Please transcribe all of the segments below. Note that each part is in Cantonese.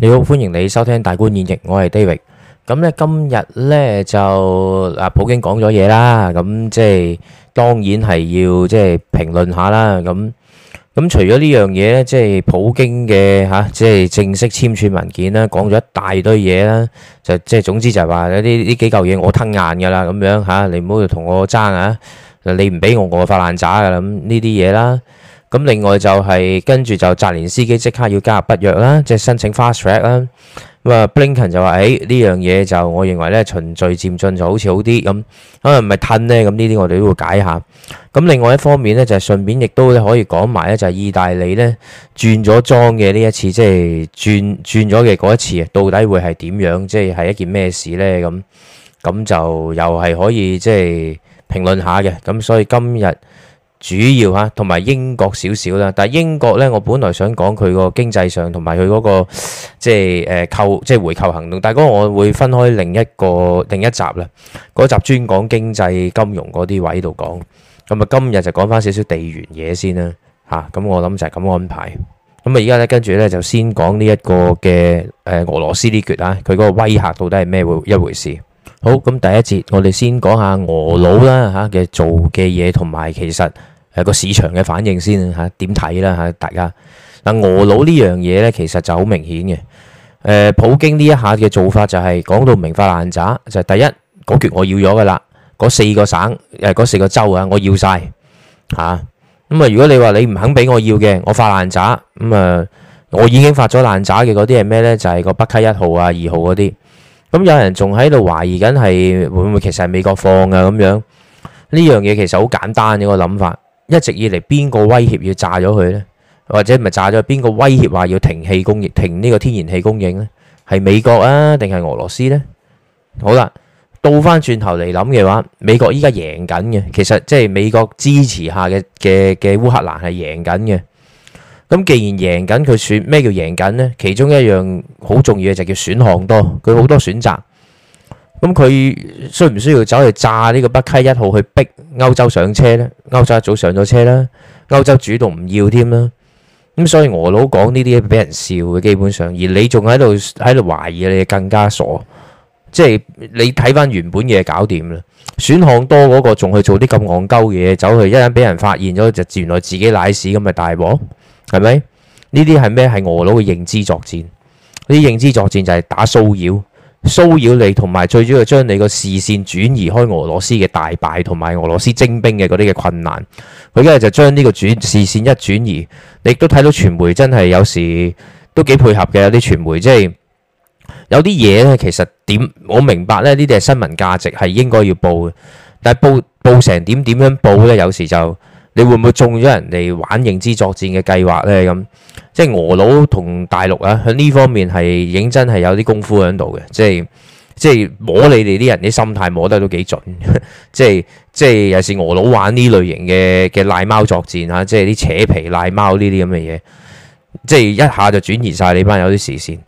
你好，歡迎你收聽大觀演繹，我係 David。咁咧今日咧就啊，普京講咗嘢啦，咁即係當然係要即係評論下啦。咁咁除咗呢樣嘢咧，即係普京嘅吓，即係正式簽署文件啦，講咗一大堆嘢啦，就即係總之就係話呢呢幾嚿嘢我吞硬噶啦，咁樣吓，你唔好同我爭啊，你唔俾我，我發爛渣噶啦咁呢啲嘢啦。咁另外就係跟住就澤連斯基即刻要加入北約啦，即係申請 fast track 啦。咁啊，布林肯就話，誒呢樣嘢就我認為咧循序漸進就好似好啲咁，可能唔係吞咧。咁呢啲我哋都會解下。咁另外一方面咧，就係、是、順便亦都可以講埋咧，就係意大利咧轉咗莊嘅呢一次，即係轉轉咗嘅嗰一次，到底會係點樣？即係係一件咩事咧？咁咁就又係可以即係評論下嘅。咁所以今日。主要嚇，同埋英國少少啦。但係英國呢，我本來想講佢個經濟上同埋佢嗰個即係誒購即係回購行動，但係嗰個我會分開另一個另一集啦。嗰集專講經濟金融嗰啲位度講。咁啊，今日就講翻少少地緣嘢先啦。嚇，咁我諗就係咁安排。咁啊，而家咧跟住咧就先講呢一個嘅誒俄羅斯啲橛啦。佢嗰個威嚇到底係咩會一回事？好，咁第一節我哋先講下俄佬啦吓嘅做嘅嘢，同埋其實誒個市場嘅反應先吓，點睇啦吓大家。嗱，俄佬呢樣嘢咧，其實就好明顯嘅。誒，普京呢一下嘅做法就係、是、講到明發爛渣，就是、第一講決我要咗噶啦，嗰四個省誒，嗰、呃、四個州啊，我要晒吓。咁啊，如果你話你唔肯俾我要嘅，我發爛渣。咁、嗯、啊、呃，我已經發咗爛渣嘅嗰啲係咩咧？就係、是、個北溪一號啊、二號嗰啲。咁、嗯、有人仲喺度懷疑緊係會唔會其實係美國放嘅。咁樣呢樣嘢其實好簡單一個諗法，一直以嚟邊個威脅要炸咗佢呢？或者唔係炸咗，邊個威脅話要停氣供應，停呢個天然氣供應呢？係美國啊，定係俄羅斯呢？好啦，倒翻轉頭嚟諗嘅話，美國依家贏緊嘅，其實即係美國支持下嘅嘅嘅烏克蘭係贏緊嘅。咁既然贏緊，佢選咩叫贏緊呢？其中一樣好重要嘅就叫選項多，佢好多選擇。咁佢需唔需要走去炸呢個北溪一號去逼歐洲上車呢？歐洲一早上咗車啦，歐洲主動唔要添啦。咁所以俄佬講呢啲嘢俾人笑嘅基本上，而你仲喺度喺度懷疑，你更加傻。即係你睇翻原本嘢搞掂啦，選項多嗰個仲去做啲咁戇鳩嘅嘢，走去一陣俾人發現咗，就原來自己瀨屎咁，咪大鑊。係咪？呢啲係咩？係俄佬嘅認知作戰。呢啲認知作戰就係打騷擾，騷擾你，同埋最主要係將你個視線轉移開俄羅斯嘅大敗，同埋俄羅斯徵兵嘅嗰啲嘅困難。佢一係就將呢個轉視線一轉移，你都睇到傳媒真係有時都幾配合嘅。有啲傳媒即係，就是，有啲嘢咧，其實點我明白咧，呢啲係新聞價值係應該要報嘅，但係報報成點點樣報咧，有時就。你會唔會中咗人哋玩認知作戰嘅計劃呢？咁、嗯、即係俄佬同大陸啊，喺呢方面係認真係有啲功夫喺度嘅，即係即係摸你哋啲人啲心態摸得都幾準，呵呵即係即係又是俄佬玩呢類型嘅嘅賴貓作戰吓、啊，即係啲扯皮賴貓呢啲咁嘅嘢，即係一下就轉移晒你班人有啲視線，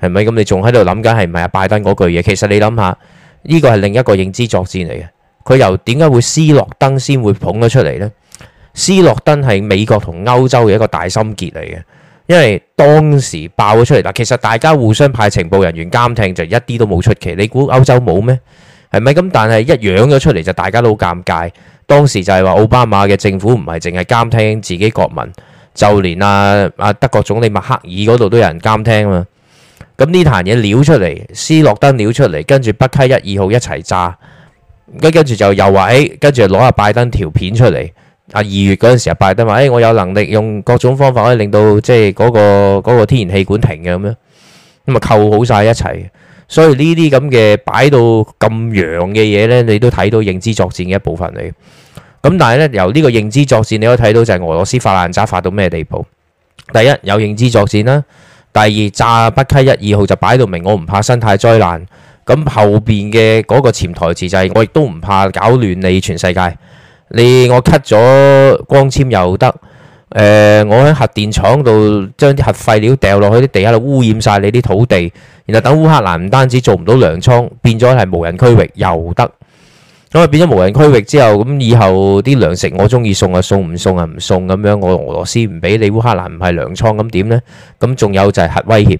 係咪咁？你仲喺度諗緊係唔係阿拜登嗰句嘢？其實你諗下呢個係另一個認知作戰嚟嘅，佢又點解會斯諾登先會捧咗出嚟呢？斯諾登係美國同歐洲嘅一個大心結嚟嘅，因為當時爆咗出嚟嗱，其實大家互相派情報人員監聽，就一啲都冇出奇。你估歐洲冇咩？係咪咁？但係一養咗出嚟就大家都好尷尬。當時就係話奧巴馬嘅政府唔係淨係監聽自己國民，就連阿、啊、阿德國總理默克爾嗰度都有人監聽啊嘛。咁呢壇嘢撩出嚟，斯諾登撩出嚟，跟住北溪一二號一齊炸，跟跟住就又話誒，跟住攞下拜登條片出嚟。啊二月嗰陣時啊，拜登話，誒，我有能力用各種方法可以令到即係嗰個嗰個天然氣管停嘅咁樣，咁啊扣好曬一齊。所以呢啲咁嘅擺到咁陽嘅嘢咧，你都睇到認知作戰嘅一部分嚟。咁但係咧，由呢個認知作戰你可以睇到就係俄羅斯發爛渣發到咩地步？第一有認知作戰啦，第二炸北溪一、二號就擺到明，我唔怕生態災難。咁後邊嘅嗰個潛台詞就係我亦都唔怕搞亂你全世界。你我 cut 咗光纖又得，誒我喺核電廠度將啲核廢料掉落去啲地下度污染曬你啲土地，然後等烏克蘭唔單止做唔到糧倉，變咗係無人區域又得，咁啊變咗無人區域之後，咁以後啲糧食我鍾意送啊送唔送啊唔送咁樣，我俄羅斯唔俾你烏克蘭唔係糧倉咁點呢？咁仲有就係核威脅，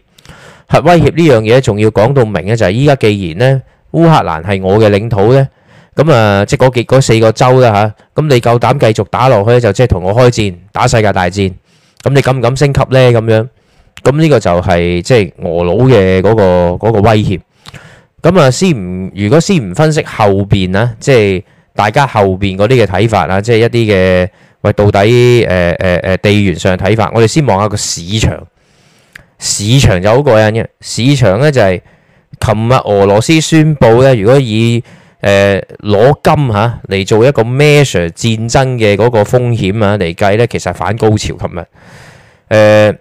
核威脅呢樣嘢仲要講到明咧，就係依家既然呢烏克蘭係我嘅領土呢。咁啊，即係嗰幾嗰四個州啦吓。咁你夠膽繼續打落去，就即係同我開戰，打世界大戰。咁你敢唔敢升級呢？咁樣咁呢個就係即係俄佬嘅嗰個、嗰個威脅。咁啊，先唔如果先唔分析後邊啊，即係大家後邊嗰啲嘅睇法啊，即係一啲嘅喂到底誒誒誒地緣上睇法。我哋先望下個市場，市場就好過癮嘅市場呢就係琴日俄羅斯宣布呢，如果以。誒，攞、呃、金吓嚟、啊、做一個 measure 戰爭嘅嗰個風險啊嚟計呢，其實反高潮。琴、呃、日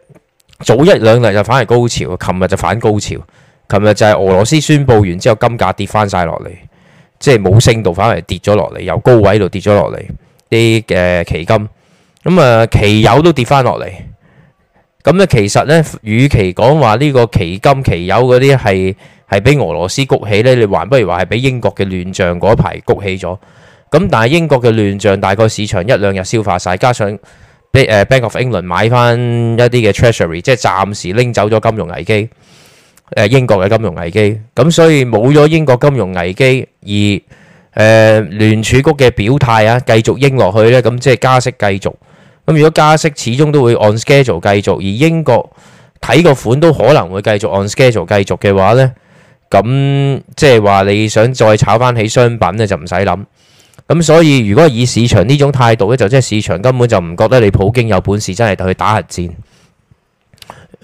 早一兩日就反而高潮，琴日就反高潮。琴日就係俄羅斯宣布完之後，金價跌翻晒落嚟，即係冇升到，反而跌咗落嚟，由高位度跌咗落嚟。啲誒，期、呃、金咁啊，期油都跌翻落嚟。咁、嗯、咧，其實呢，與其講話呢個期金期油嗰啲係。係俾俄羅斯谷起呢，你還不如話係俾英國嘅亂象嗰排谷起咗。咁但係英國嘅亂象大概市場一兩日消化晒，加上誒 Bank of England 買翻一啲嘅 Treasury，即係暫時拎走咗金融危機。誒英國嘅金融危機，咁所以冇咗英國金融危機，而誒聯儲局嘅表態啊，繼續應落去呢，咁即係加息繼續。咁如果加息始終都會按 schedule 繼續，而英國睇個款都可能會繼續按 schedule 繼續嘅話呢。咁即係話你想再炒翻起商品咧，就唔使諗。咁所以如果以市場呢種態度呢，就即係市場根本就唔覺得你普京有本事，真係去打核戰。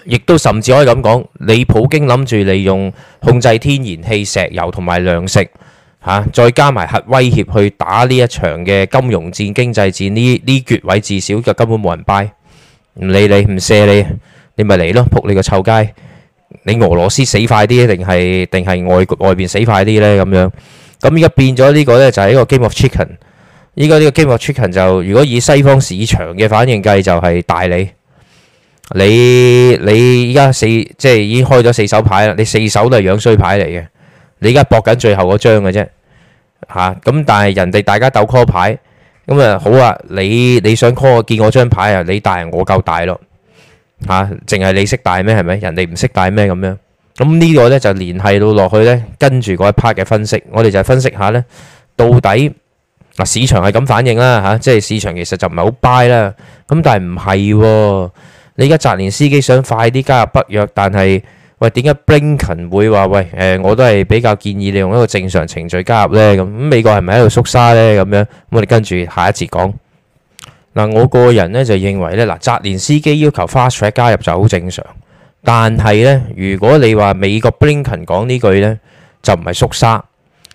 亦都甚至可以咁講，你普京諗住利用控制天然氣、石油同埋糧食吓，啊，再加埋核威脅去打呢一場嘅金融戰、經濟戰呢，呢絕位，至少就根本冇人 buy，唔理你，唔射你，你咪嚟咯，扑你個臭街！你俄羅斯死快啲，定係定係外外邊死快啲呢？咁樣咁而家變咗呢個呢，就係一個 game of chicken。依家呢個 game of chicken 就如果以西方市場嘅反應計就，就係大你你你依家四即係已經開咗四手牌啦，你四手都係樣衰牌嚟嘅，你而家搏緊最後嗰張嘅啫嚇。咁、啊、但係人哋大家鬥 call 牌，咁啊好啊，你你想 call 見我張牌啊？你大我夠大咯。吓，淨係、啊、你識帶咩？係咪？人哋唔識帶咩咁樣？咁呢個呢，就聯繫到落去呢，跟住嗰一 part 嘅分，分析，我哋就分析下呢，到底嗱、啊、市場係咁反應啦吓、啊，即係市場其實就唔係好 buy 啦。咁但係唔係，你而家澤連斯基想快啲加入北約，但係喂，點解 Blinken 會話喂？誒、呃，我都係比較建議你用一個正常程序加入呢。咁美國係咪喺度縮沙咧咁樣？咁我哋跟住下一節講。嗱，我個人咧就認為咧，嗱，澤連斯基要求 Fast Track 加入就好正常。但係咧，如果你話美國 Blinken 講呢句咧，就唔係縮沙。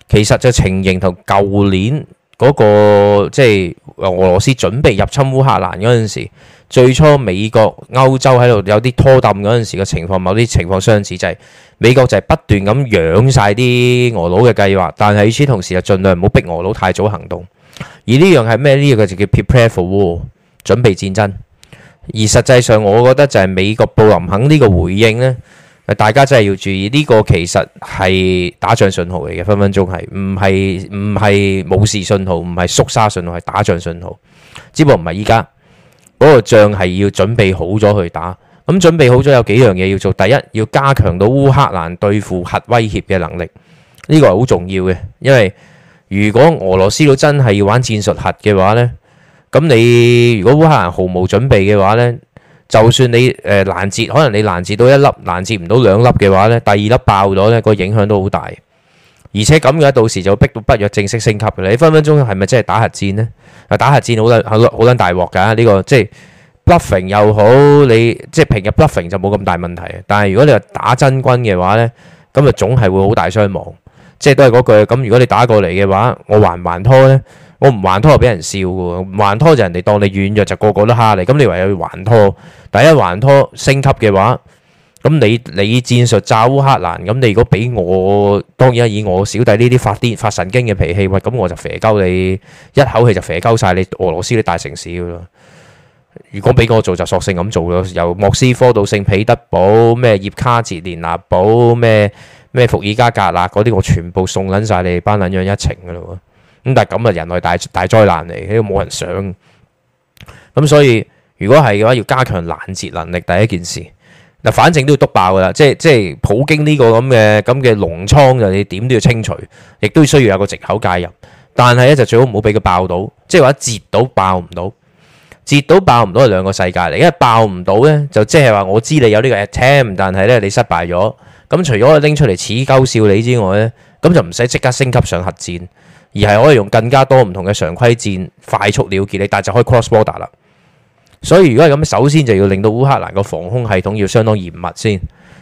其實就情形同舊年嗰、嗰個即係、就是、俄羅斯準備入侵烏克蘭嗰陣時，最初美國歐洲喺度有啲拖抌嗰陣時嘅情況，某啲情況相似、就是，就係美國就係不斷咁養晒啲俄佬嘅計劃，但係與此同時就盡量唔好逼俄佬太早行動。而呢樣係咩？呢個就叫 prepare for war，準備戰爭。而實際上，我覺得就係美國布林肯呢個回應呢，大家真係要注意。呢個其實係打仗信號嚟嘅，分分鐘係唔係唔係冇事信號，唔係縮沙信號，係打仗信號。只不過唔係依家嗰個仗係要準備好咗去打。咁準備好咗有幾樣嘢要做。第一，要加強到烏克蘭對付核威脅嘅能力，呢個係好重要嘅，因為如果俄羅斯佬真係要玩戰術核嘅話呢，咁你如果烏克蘭毫無準備嘅話呢，就算你誒攔截，可能你攔截到一粒，攔截唔到兩粒嘅話呢，第二粒爆咗呢，個影響都好大。而且咁樣到時就逼到不若正式升級，你分分鐘係咪真係打核戰呢？打核戰好撚好撚大鑊㗎！呢個即係 bluffing 又好，你即係平日 bluffing 就冇咁大問題。但係如果你話打真軍嘅話呢，咁就總係會好大傷亡。即係都係嗰句，咁如果你打過嚟嘅話，我還唔還拖呢？我唔還拖就俾人笑喎，還拖就人哋當你軟弱，就個個都蝦你。咁你唯有還拖，第一還拖升級嘅話，咁你你戰術炸烏克蘭，咁你如果俾我，當然以我小弟呢啲發癲發神經嘅脾氣，喂，咁我就肥鳩你，一口氣就肥鳩晒你俄羅斯啲大城市噶咯。如果俾我做就索性咁做咯，由莫斯科到聖彼得堡，咩葉卡捷連娜堡，咩？咩伏爾加格勒嗰啲，我全部送撚晒你哋班撚樣一程噶咯。咁但係咁啊，人類大大災難嚟，呢都冇人想。咁所以如果係嘅話，要加強攔截能力第一件事。嗱，反正都要督爆噶啦，即係即係普京呢個咁嘅咁嘅農倉就你點都要清除，亦都需要有個藉口介入。但係咧就最好唔好俾佢爆到，即係話截到爆唔到，截到爆唔到係兩個世界嚟。因為爆唔到咧，就即係話我知你有個呢個 attempt，但係咧你失敗咗。咁除咗拎出嚟似鳩笑你之外呢，咁就唔使即刻升級上核戰，而係可以用更加多唔同嘅常規戰快速了結你，但係就可以 cross border 啦。所以如果係咁，首先就要令到烏克蘭個防空系統要相當嚴密先。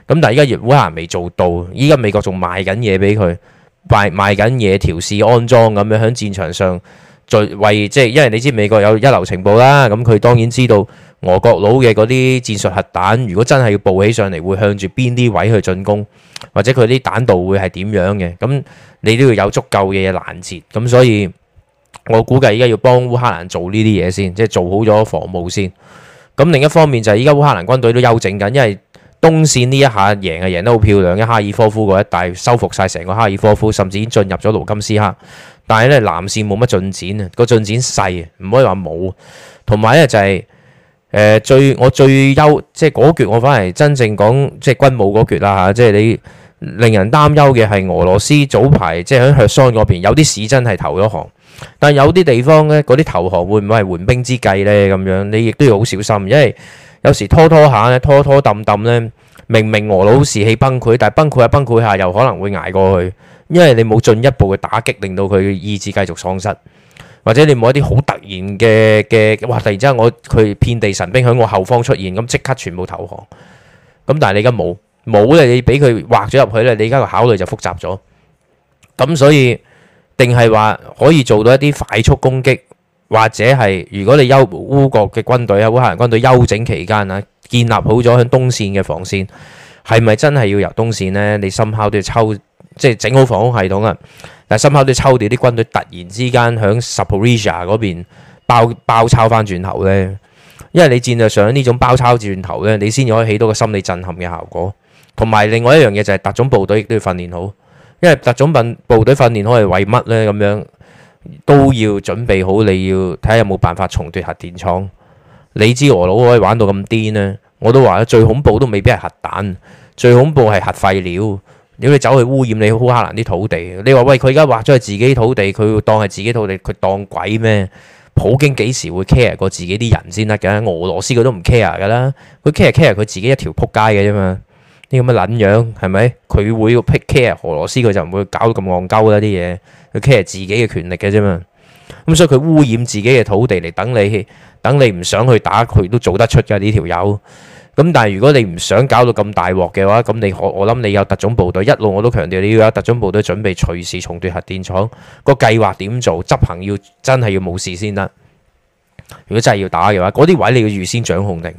咁但係而家烏克蘭未做到，依家美國仲賣緊嘢俾佢，賣賣緊嘢調試安裝咁樣喺戰場上，再為即係因為你知美國有一流情報啦，咁佢當然知道，俄國佬嘅嗰啲戰術核彈，如果真係要佈起上嚟，會向住邊啲位去進攻，或者佢啲彈道會係點樣嘅？咁你都要有足夠嘅嘢攔截。咁所以，我估計依家要幫烏克蘭做呢啲嘢先，即係做好咗防務先。咁另一方面就係依家烏克蘭軍隊都休整緊，因為東線呢一下贏啊，贏得好漂亮，喺哈爾科夫嗰一帶收復晒成個哈爾科夫，甚至已經進入咗盧金斯克。但係咧南線冇乜進展啊，個進展細，唔可以話冇。同埋咧就係、是。誒、呃、最我最憂即係嗰橛，我反而係真正講即係軍武嗰橛啦嚇！即係你令人擔憂嘅係俄羅斯早排即係喺赫松嗰邊有啲市真係投咗降，但有啲地方咧嗰啲投降會唔會係緩兵之計咧咁樣？你亦都要好小心，因為有時拖拖下咧，拖拖揼揼咧，明明俄佬士氣崩潰，但係崩潰喺崩潰下又可能會捱過去，因為你冇進一步嘅打擊，令到佢意志繼續喪失。或者你冇一啲好突然嘅嘅，哇！突然之間我佢遍地神兵響我後方出現，咁即刻全部投降。咁但係你而家冇，冇咧你俾佢劃咗入去咧，你而家個考慮就複雜咗。咁所以，定係話可以做到一啲快速攻擊，或者係如果你休烏國嘅軍隊啊，烏克蘭軍隊休整期間啊，建立好咗響東線嘅防線，係咪真係要由東線呢？你深刻都要抽。即係整好防空系統啊！但係深刻啲抽掉啲軍隊，突然之間喺 Zaporizhzhia 嗰邊包包抄翻轉頭呢，因為你戰略上呢種包抄轉頭呢，你先可以起到個心理震撼嘅效果。同埋另外一樣嘢就係、是、特種部隊亦都要訓練好，因為特種兵部隊訓練好係為乜呢？咁樣都要準備好，你要睇下有冇辦法重奪核電廠。你知俄佬可以玩到咁癲呢？我都話最恐怖都未必係核彈，最恐怖係核廢料。如果你走去污染你烏克蘭啲土地，你話，喂，佢而家畫咗係自己土地，佢當係自己土地，佢當鬼咩？普京幾時會 care 過自己啲人先得嘅？俄羅斯佢都唔 care 噶啦，佢 care care 佢自己一條扑街嘅啫嘛。啲咁嘅撚樣係咪？佢會 care 俄羅斯佢就唔會搞到咁戇鳩啦啲嘢，佢 care 自己嘅權力嘅啫嘛。咁所以佢污染自己嘅土地嚟等你，等你唔想去打佢都做得出嘅呢條友。咁但係如果你唔想搞到咁大鑊嘅話，咁你我我諗你有特種部隊一路我都強調你要有特種部隊準備隨時重奪核電廠，個計劃點做執行要真係要冇事先得。如果真係要打嘅話，嗰啲位你要預先掌控定，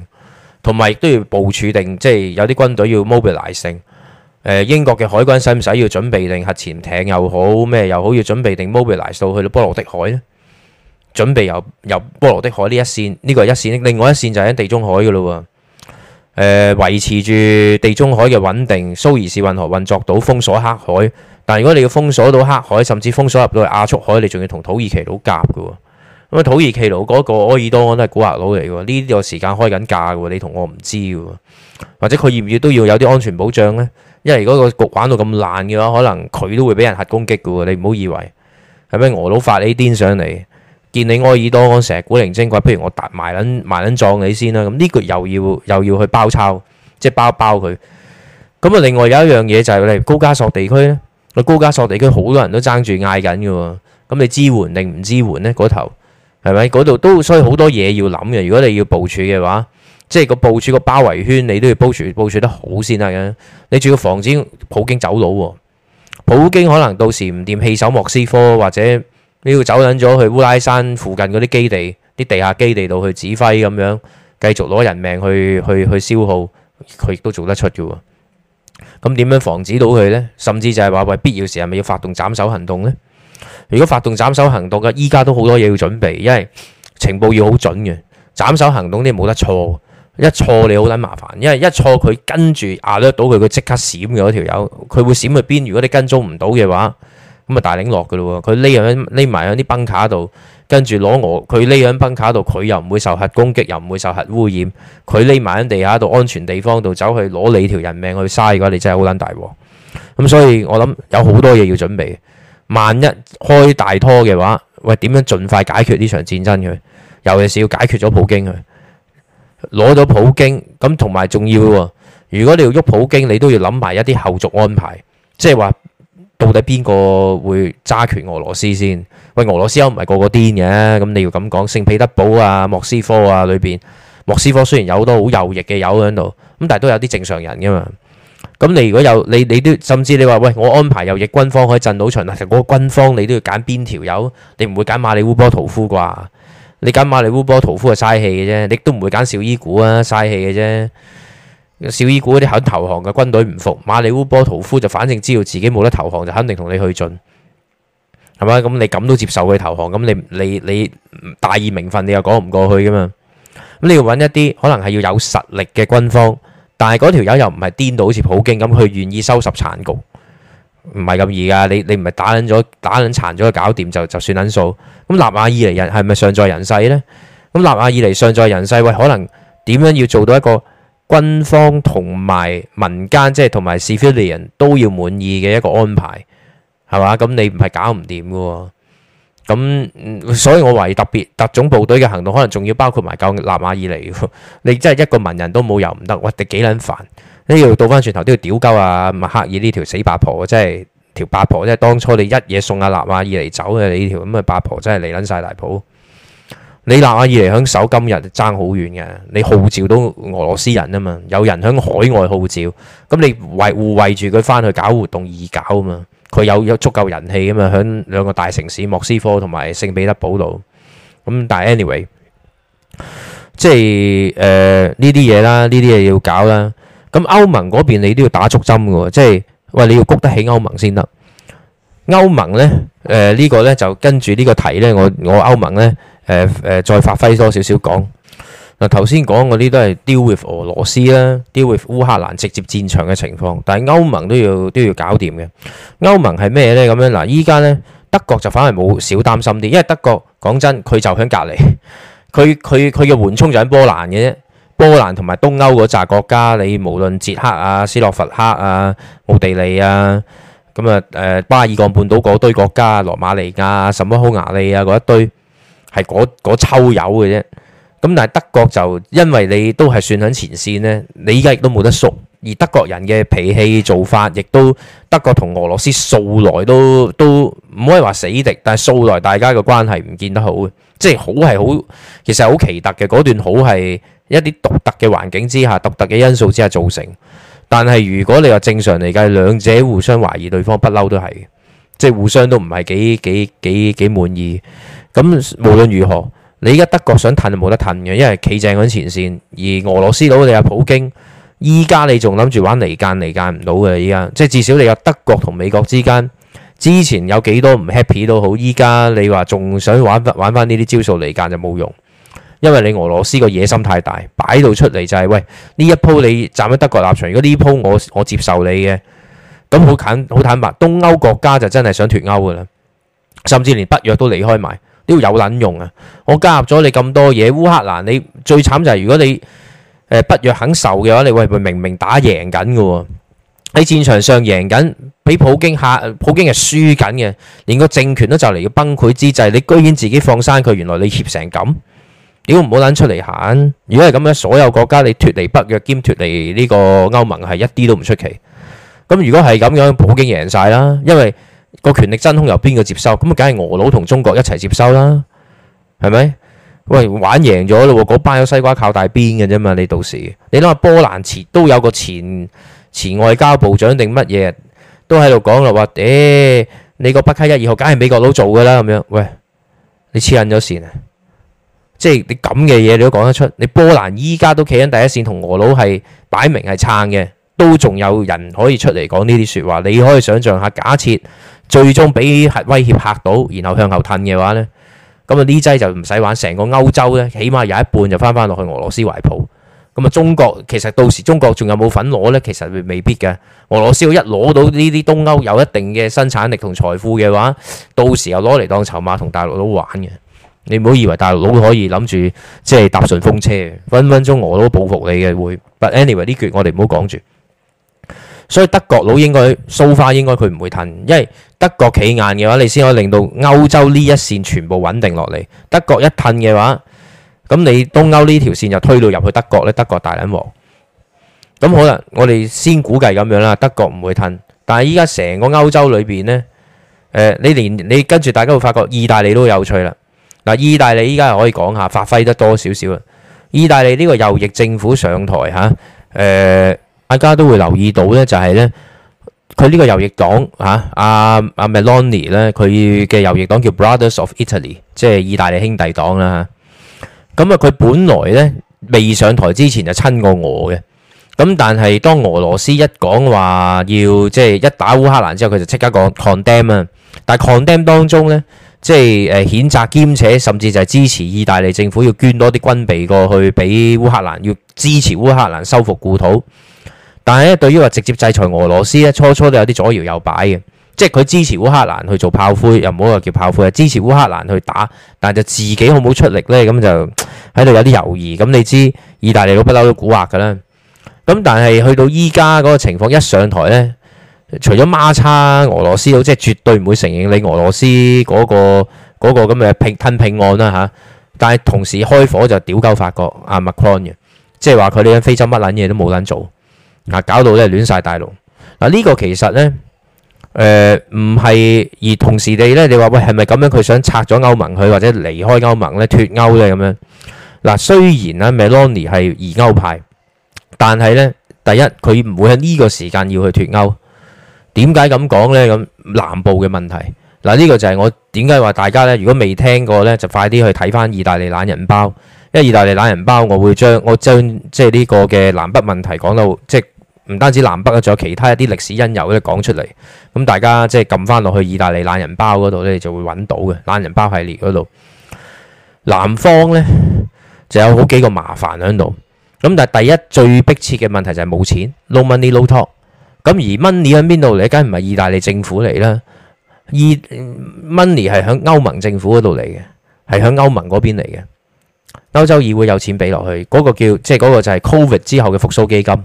同埋亦都要部署定，即係有啲軍隊要 mobilizing。誒，英國嘅海軍使唔使要準備定核潛艇又好咩又好要準備定 mobilize 到去到波羅的海咧？準備由由波羅的海呢一線呢，呢個係一線，另外一線就喺地中海噶啦。誒，維、呃、持住地中海嘅穩定，蘇伊士運河運作到封鎖黑海。但如果你要封鎖到黑海，甚至封鎖入到亞速海，你仲要同土耳其佬夾嘅。咁土耳其佬嗰個埃爾多安都係古惑佬嚟嘅，呢個時間開緊價嘅，你同我唔知嘅。或者佢要唔要都要有啲安全保障呢？因為如果個局玩到咁爛嘅話，可能佢都會俾人核攻擊嘅。你唔好以為係咪俄佬發你癲上嚟？見你愛爾多安成日古靈精怪，不如我埋撚埋撚撞你先啦。咁呢個又要又要去包抄，即係包包佢。咁啊，另外有一樣嘢就係咧，高加索地區咧，高加索地區好多人都爭住嗌緊㗎喎。咁你支援定唔支援呢？嗰頭係咪？嗰度都所以好多嘢要諗嘅。如果你要部署嘅話，即係個部署個包圍圈，你都要部署部署得好先得嘅。你仲要防止普京走佬喎？普京可能到時唔掂棄守莫斯科或者。你要走捻咗去烏拉山附近嗰啲基地、啲地下基地度去指揮咁樣，繼續攞人命去去去消耗，佢亦都做得出嘅。咁點樣防止到佢呢？甚至就係話為必要時係咪要發動斬首行動呢？如果發動斬首行動嘅，依家都好多嘢要準備，因為情報要好準嘅。斬首行動你冇得錯，一錯你好撚麻煩，因為一錯佢跟住壓掠到佢，佢即刻閃嘅嗰條友，佢會閃去邊？如果你跟蹤唔到嘅話。咁啊，大領落嘅咯喎，佢匿喺匿埋喺啲崩卡度，跟住攞我佢匿喺崩卡度，佢又唔會受核攻擊，又唔會受核污染。佢匿埋喺地下度安全地方度，走去攞你條人命去嘥嘅話，你真係好撚大鑊。咁所以我諗有好多嘢要準備。萬一開大拖嘅話，喂，點樣盡快解決呢場戰爭佢？尤其是要解決咗普京佢，攞咗普京咁同埋仲要喎。如果你要喐普京，你都要諗埋一啲後續安排，即係話。到底邊個會揸權俄羅斯先？喂，俄羅斯又唔係個個癲嘅，咁你要咁講。聖彼得堡啊、莫斯科啊裏邊，莫斯科雖然有好多好右翼嘅友喺度，咁但係都有啲正常人㗎嘛。咁你如果有你你，你都甚至你話喂，我安排右翼軍方可以鎮到場，嗱，嗰個軍方你都要揀邊條友，你唔會揀馬里烏波屠夫啩？你揀馬里烏波屠夫就嘥氣嘅啫，你都唔會揀小伊古啊，嘥氣嘅啫。小 E 股嗰啲肯投降嘅軍隊唔服，馬里烏波圖夫就反正知道自己冇得投降，就肯定同你去盡，係咪？咁你咁都接受佢投降，咁你你你大義名分你又講唔過去噶嘛？咁你要揾一啲可能係要有實力嘅軍方，但係嗰條友又唔係癲到好似普京咁，佢願意收拾殘局，唔係咁易噶。你你唔係打撚咗打撚殘咗就搞掂就就算撚數。咁納瓦爾尼人係咪尚在人世呢？咁納瓦爾尼尚在人世，喂，可能點樣要做到一個？軍方同埋民間，即係同埋 civilian 都要滿意嘅一個安排，係嘛？咁你唔係搞唔掂嘅喎。咁所以我懷疑特別特種部隊嘅行動，可能仲要包括埋救納馬爾尼。你真係一個文人都冇又唔得，我哋幾撚煩？都要倒翻船頭都要屌鳩啊！麥克爾呢條死八婆，真係條八婆真，即係當初你一嘢送阿納馬爾尼走嘅，你呢條咁嘅八婆真，真係嚟撚晒大譜。你拿亞爾嚟響手，今日爭好遠嘅。你號召到俄羅斯人啊嘛，有人響海外號召咁，你維護圍住佢翻去搞活動易搞啊嘛。佢有有足夠人氣啊嘛，響兩個大城市莫斯科同埋聖彼得堡度咁。但係 anyway，即係誒呢啲嘢啦，呢啲嘢要搞啦。咁歐盟嗰邊你都要打足針㗎喎，即係喂，你要谷得起歐盟先得。歐盟呢，誒呢個呢就跟住呢個題呢，我我歐盟呢。誒誒、呃，再發揮多少少講嗱。頭先講嗰啲都係 deal with 俄羅斯啦，deal with 烏克蘭直接戰場嘅情況，但係歐盟都要都要搞掂嘅。歐盟係咩呢？咁樣嗱，依家呢，德國就反而冇少擔心啲，因為德國講真佢就喺隔離，佢佢佢嘅緩衝就喺波蘭嘅啫。波蘭同埋東歐嗰扎國家，你無論捷克啊、斯洛伐克啊、奧地利啊，咁啊，誒、呃、巴爾幹半島嗰堆國家啊、羅馬尼亞、什麼匈牙利啊嗰一堆。係嗰抽油嘅啫，咁、那個、但係德國就因為你都係算喺前線呢，你依家亦都冇得縮。而德國人嘅脾氣做法，亦都德國同俄羅斯素來都都唔可以話死敵，但係素來大家嘅關係唔見得好，即係好係好，其實好奇特嘅嗰段好係一啲獨特嘅環境之下、獨特嘅因素之下造成。但係如果你話正常嚟計，兩者互相懷疑對方，不嬲都係即係互相都唔係幾幾幾幾滿意。咁無論如何，你而家德國想褪就冇得褪嘅，因為企正緊前線。而俄羅斯佬你阿普京，依家你仲諗住玩離間，離間唔到嘅依家。即係至少你有德國同美國之間，之前有幾多唔 happy 都好，依家你話仲想玩翻玩翻呢啲招數，離間就冇用，因為你俄羅斯個野心太大，擺到出嚟就係、是、喂呢一鋪你站喺德國立場，如果呢鋪我我接受你嘅，咁好簡好坦白，東歐國家就真係想脱歐噶啦，甚至連北約都離開埋。都要有撚用啊！我加入咗你咁多嘢，烏克蘭你最慘就係如果你誒北約肯受嘅話，你會唔會明明打贏緊嘅喎？喺戰場上贏緊，俾普京嚇，普京係輸緊嘅，連個政權都就嚟要崩潰之際，你居然自己放生佢，原來你協成咁，屌唔好撚出嚟行！如果係咁樣，所有國家你脱離北約兼脱離呢個歐盟係一啲都唔出奇。咁如果係咁樣，普京贏晒啦，因為。個權力真空由邊個接收？咁啊，梗係俄佬同中國一齊接收啦，係咪？喂，玩贏咗咯喎！嗰班有西瓜靠大邊嘅啫嘛？你到時，你諗下波蘭前都有個前前外交部長定乜嘢，都喺度講啦，話誒、欸，你個北溪一二號梗係美國佬做㗎啦咁樣。喂，你黐緊咗線黐撚咗線啊！即係你咁嘅嘢你都講得出？你波蘭依家都企喺第一線同俄佬係擺明係撐嘅。都仲有人可以出嚟講呢啲說話，你可以想象下，假設最終俾威脅嚇到，然後向後褪嘅話呢，咁啊呢劑就唔使玩，成個歐洲呢，起碼有一半就翻翻落去俄羅斯懷抱。咁啊，中國其實到時中國仲有冇份攞呢？其實未必嘅。俄羅斯一攞到呢啲東歐有一定嘅生產力同財富嘅話，到時候攞嚟當籌碼同大陸佬玩嘅。你唔好以為大陸佬可以諗住即係搭順風車，分分鐘我都報復你嘅會。But anyway 呢句我哋唔好講住。所以德國佬應該蘇花應該佢唔會褪，因為德國企硬嘅話，你先可以令到歐洲呢一線全部穩定落嚟。德國一褪嘅話，咁你東歐呢條線就推到入去德國咧，德國大捻王。咁好啦，我哋先估計咁樣啦，德國唔會褪。但係依家成個歐洲裏邊呢，你連你跟住大家會發覺意意發點點，意大利都有趣啦。嗱，意大利依家又可以講下發揮得多少少啊？意大利呢個右翼政府上台嚇，誒、呃。大家都會留意到咧，就係咧佢呢個右翼黨嚇阿阿 Meloni 咧，佢嘅右翼黨叫 Brothers of Italy，即係意大利兄弟黨啦。咁啊，佢、啊啊、本來咧未上台之前就親過俄嘅。咁、啊、但係當俄羅斯一講話要即係一打烏克蘭之後，佢就即刻講 condemn 啊。但係 condemn 當中咧，即係誒譴責兼且，且甚至就係支持意大利政府要捐多啲軍備過去俾烏克蘭，要支持烏克蘭收復故土。但係咧，對於話直接制裁俄羅斯咧，初初都有啲左搖右擺嘅，即係佢支持烏克蘭去做炮灰，又唔好話叫炮灰，係支持烏克蘭去打，但就自己好冇出力咧？咁就喺度有啲猶豫。咁你知意大利佬不嬲都古惑噶啦。咁但係去到依家嗰個情況，一上台咧，除咗孖叉俄羅斯佬，即係絕對唔會承認你俄羅斯嗰、嗰個嗰咁嘅拼吞拼案啦嚇、啊。但係同時開火就屌鳩法國阿、啊、Macron 嘅，即係話佢喺非洲乜撚嘢都冇撚做。嗱，搞到咧亂晒大籠。嗱、這、呢個其實咧，誒唔係而同時地咧，你話喂係咪咁樣佢想拆咗歐盟，佢或者離開歐盟咧，脱歐咧咁樣？嗱，雖然咧 Meloni 係疑歐派，但係咧第一佢唔會喺呢個時間要去脱歐。點解咁講咧？咁南部嘅問題嗱，呢、這個就係我點解話大家咧，如果未聽過咧，就快啲去睇翻意大利懶人包。因為意大利懶人包我將，我會將我將即係呢、這個嘅南北問題講到即唔單止南北啊，仲有其他一啲歷史因由咧，講出嚟咁，大家即係撳翻落去意大利懶人包嗰度咧，你就會搵到嘅懶人包系列嗰度。南方咧就有好幾個麻煩喺度。咁但係第一最迫切嘅問題就係冇錢。no money, no talk。咁而 money 喺邊度嚟？梗唔係意大利政府嚟啦，二、e、money 係響歐盟政府嗰度嚟嘅，係響歐盟嗰邊嚟嘅。歐洲議會有錢俾落去嗰、嗰個叫即係嗰個就係 covid 之後嘅復蘇基金。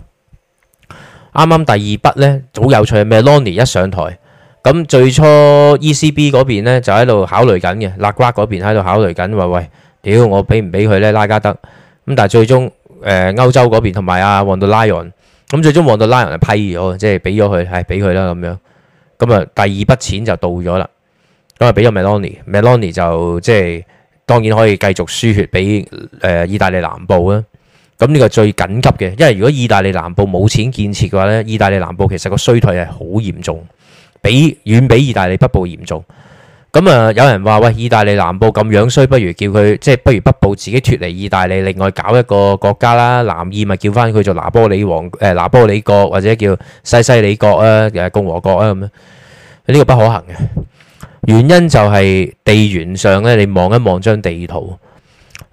啱啱第二筆咧好有趣，Meloni 一上台，咁最初 ECB 嗰邊咧就喺度考慮緊嘅，拉瓜嗰邊喺度考慮緊，話喂，屌我俾唔俾佢咧？拉加德，咁但係最終，誒、呃、歐洲嗰邊同埋啊，望到拉 on，咁最終望到拉 on 就批咗，即係俾咗佢，係俾佢啦咁樣。咁啊，第二筆錢就到咗啦，咁啊俾咗 Meloni，Meloni 就即係當然可以繼續輸血俾誒、呃、意大利南部啊。咁呢個最緊急嘅，因為如果意大利南部冇錢建設嘅話呢，意大利南部其實個衰退係好嚴重，比遠比意大利北部嚴重。咁啊，有人話喂，意大利南部咁樣衰，不如叫佢即係不如北部自己脫離意大利，另外搞一個國家啦。南意咪叫翻佢做拿波里王誒、呃、拿波里國，或者叫西西里國啊，共和國啊咁樣。呢個不可行嘅，原因就係地緣上呢，你望一望張地圖。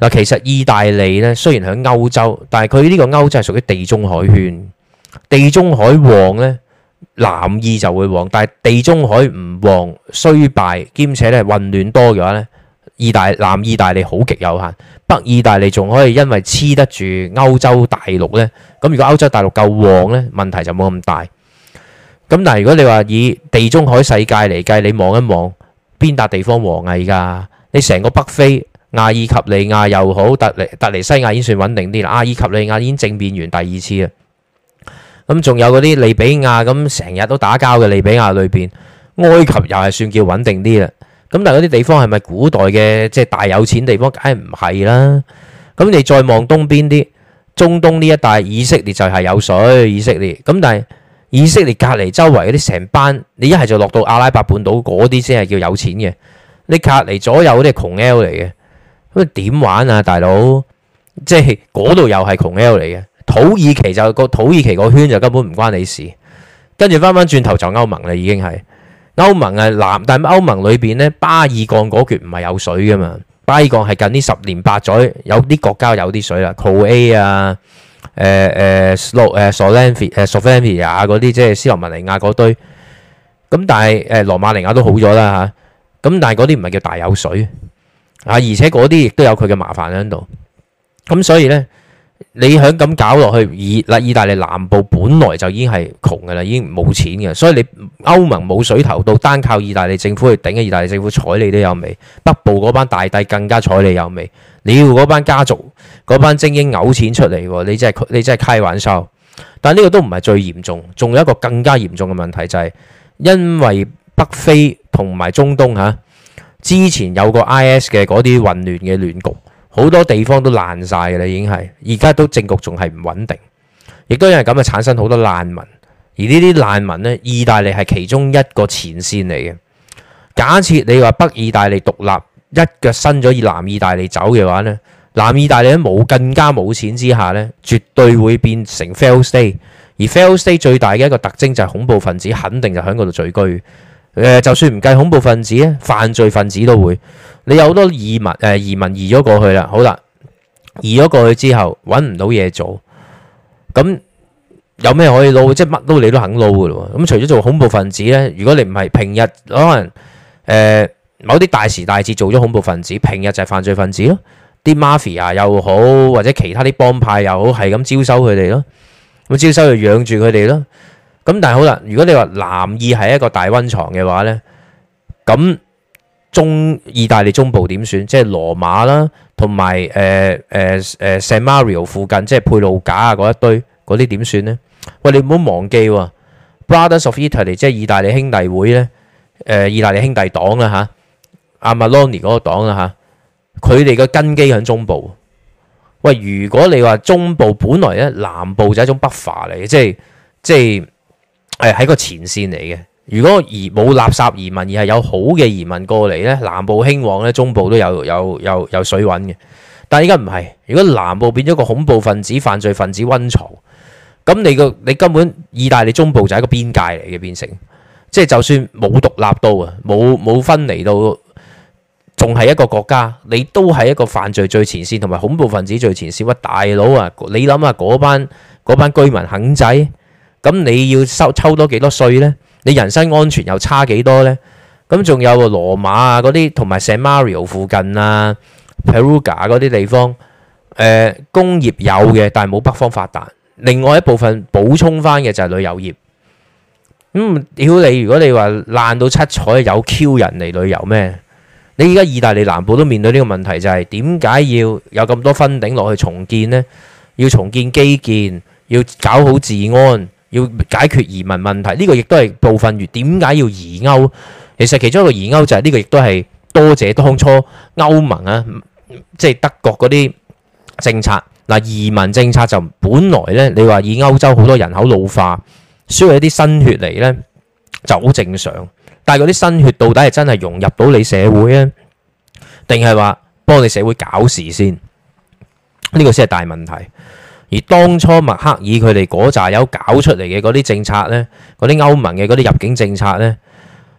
嗱，其實意大利咧，雖然喺歐洲，但係佢呢個歐洲係屬於地中海圈。地中海旺咧，南意就會旺，但係地中海唔旺，衰敗兼且咧混亂多嘅話咧，意大南意大利好極有限。北意大利仲可以因為黐得住歐洲大陸咧，咁如果歐洲大陸夠旺咧，問題就冇咁大。咁但係，如果你話以地中海世界嚟計，你望一望邊笪地方旺曬㗎？你成個北非。阿爾及利亞又好，突尼突尼西亞已經算穩定啲啦。阿爾及利亞已經政變完第二次啦。咁仲有嗰啲利比亞，咁成日都打交嘅利比亞裏邊，埃及又係算叫穩定啲啦。咁但係嗰啲地方係咪古代嘅即係大有錢地方？梗係唔係啦。咁你再望東邊啲，中東呢一帶，以色列就係有水，以色列。咁但係以色列隔離周圍嗰啲成班，你一係就落到阿拉伯半島嗰啲先係叫有錢嘅。你隔離左右嗰啲係窮 L 嚟嘅。咁點玩啊，大佬？即係嗰度又係窮 L 嚟嘅。土耳其就個土耳其個圈就根本唔關你事。跟住翻翻轉頭就歐盟啦，已經係歐盟啊南，但係歐盟裏邊咧，巴爾幹嗰橛唔係有水噶嘛？巴爾幹係近呢十年八載有啲國家有啲水啦，庫 A 啊，誒誒斯誒斯洛伐尼亞嗰啲即係斯洛文尼亞嗰堆。咁但係誒羅馬尼亞都好咗啦嚇。咁但係嗰啲唔係叫大有水。啊！而且嗰啲亦都有佢嘅麻煩喺度，咁所以呢，你響咁搞落去，意那意大利南部本來就已經係窮嘅啦，已經冇錢嘅，所以你歐盟冇水頭到，單靠意大利政府去頂，意大利政府睬你都有味，北部嗰班大帝更加睬你有味，你要嗰班家族、嗰班精英嘔錢出嚟，你真係你真係開玩笑。但係呢個都唔係最嚴重，仲有一個更加嚴重嘅問題就係，因為北非同埋中東吓。之前有個 IS 嘅嗰啲混亂嘅亂局，好多地方都爛晒㗎啦，已經係而家都政局仲係唔穩定，亦都因為咁啊，產生好多難民。而呢啲難民呢，意大利係其中一個前線嚟嘅。假設你話北意大利獨立一腳伸咗，以南意大利走嘅話呢，南意大利喺冇更加冇錢之下呢，絕對會變成 fail state。而 fail state 最大嘅一個特徵就係恐怖分子肯定就喺嗰度聚居。誒、呃，就算唔計恐怖分子咧，犯罪分子都會。你有好多移民，誒、呃、移民移咗過去啦。好啦，移咗過去之後，揾唔到嘢做，咁、嗯、有咩可以撈？即係乜撈你都肯撈㗎咯。咁、嗯、除咗做恐怖分子咧，如果你唔係平日可能誒、呃、某啲大時大節做咗恐怖分子，平日就係犯罪分子咯。啲 mafia 又好，或者其他啲幫派又好，係咁招收佢哋咯。咁招收就養住佢哋咯。咁但係好啦，如果你話南意係一個大溫床嘅話咧，咁中意大利中部點算？即係羅馬啦，同埋誒誒誒聖瑪里 o 附近，即係佩魯架啊嗰一堆，嗰啲點算咧？喂，你唔好忘記 Brothers of Italy，即係意大利兄弟會咧，誒、呃、意大利兄弟黨啦吓，阿、啊、馬龍尼嗰個黨啦吓，佢哋嘅根基喺中部。喂，如果你話中部本來咧南部就係一種北 u 嚟嘅，即係即係。係喺個前線嚟嘅。如果而冇垃圾移民，而係有好嘅移民過嚟呢，南部興旺呢，中部都有有有有水運嘅。但係依家唔係。如果南部變咗個恐怖分子、犯罪分子溫床，咁你個你根本意大利中部就係一個邊界嚟嘅邊城。即、就、係、是、就算冇獨立到啊，冇冇分離到，仲係一個國家，你都係一個犯罪最前線同埋恐怖分子最前線。喂，大佬啊，你諗下嗰班嗰班居民肯制？咁你要收抽多幾多稅呢？你人身安全又差幾多呢？咁仲有個羅馬啊，嗰啲同埋 San Marino 附近啊，Perugia 嗰啲地方，誒工業有嘅，但係冇北方發達。另外一部分補充翻嘅就係旅遊業。咁屌你，如果你話爛到七彩，有 Q 人嚟旅遊咩？你而家意大利南部都面對呢個問題，就係點解要有咁多分頂落去重建呢？要重建基建，要搞好治安。要解決移民問題，呢個亦都係部分原因。點解要移歐？其實其中一個移歐就係呢個，亦都係多謝當初歐盟啊，即係德國嗰啲政策。嗱，移民政策就本來呢，你話以歐洲好多人口老化，需要一啲新血嚟呢，就好正常。但係嗰啲新血到底係真係融入到你社會咧，定係話幫你社會搞事先？呢個先係大問題。而當初默克爾佢哋嗰扎有搞出嚟嘅嗰啲政策咧，嗰啲歐盟嘅嗰啲入境政策咧，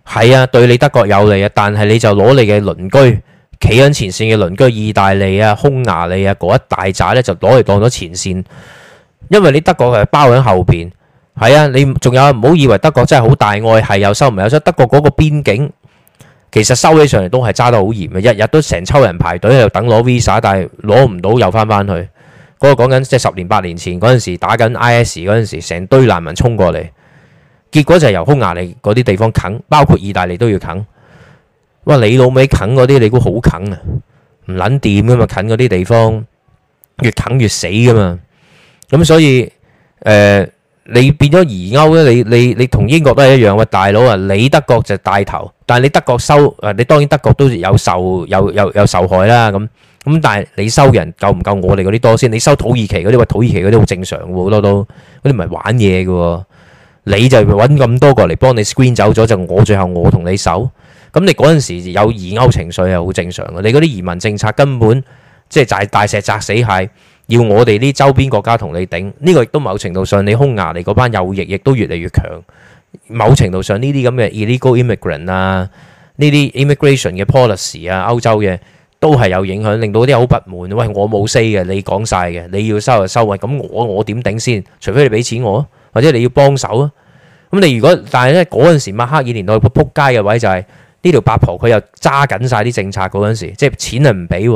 係啊，對你德國有利啊，但係你就攞你嘅鄰居，企喺前線嘅鄰居，意大利啊、匈牙利啊嗰一大扎咧，就攞嚟當咗前線，因為你德國係包喺後邊。係啊，你仲有唔好以為德國真係好大愛，係又收唔有收？德國嗰個邊境其實收起上嚟都係揸得好嚴啊，日日都成抽人排隊喺度等攞 Visa，但係攞唔到又翻翻去。我講緊即係十年八年前嗰陣時打緊 I.S. 嗰陣時，成堆難民衝過嚟，結果就係由匈牙利嗰啲地方啃，包括意大利都要啃。哇！你老味啃嗰啲，你估好啃啊？唔撚掂噶嘛，啃嗰啲地方越啃越死噶嘛。咁所以誒、呃，你變咗移歐咧？你你你同英國都係一樣。喂，大佬啊，你德國就帶頭，但係你德國收誒，你當然德國都有受有有有受害啦咁。咁但係你收人夠唔夠我哋嗰啲多先？你收土耳其嗰啲，喂，土耳其嗰啲好正常喎，好多都嗰啲唔係玩嘢嘅喎。你就揾咁多個嚟幫你 screen 走咗，就我最後我同你守。咁你嗰陣時有疑歐情緒係好正常嘅。你嗰啲移民政策根本即係、就是、大石砸死蟹，要我哋啲周邊國家同你頂。呢、這個亦都某程度上，你匈牙利嗰班右翼亦都越嚟越強。某程度上，呢啲咁嘅 illegal immigrant 啊，呢啲 immigration 嘅 policy 啊，歐洲嘅。都係有影響，令到啲人好不滿。喂，我冇 say 嘅，你講曬嘅，你要收就收，喂，咁我我點頂先？除非你俾錢我，或者你要幫手啊。咁你如果，但係咧嗰陣時默克爾年代個撲街嘅位就係呢條八婆，佢又揸緊曬啲政策嗰陣時，即係錢啊唔俾，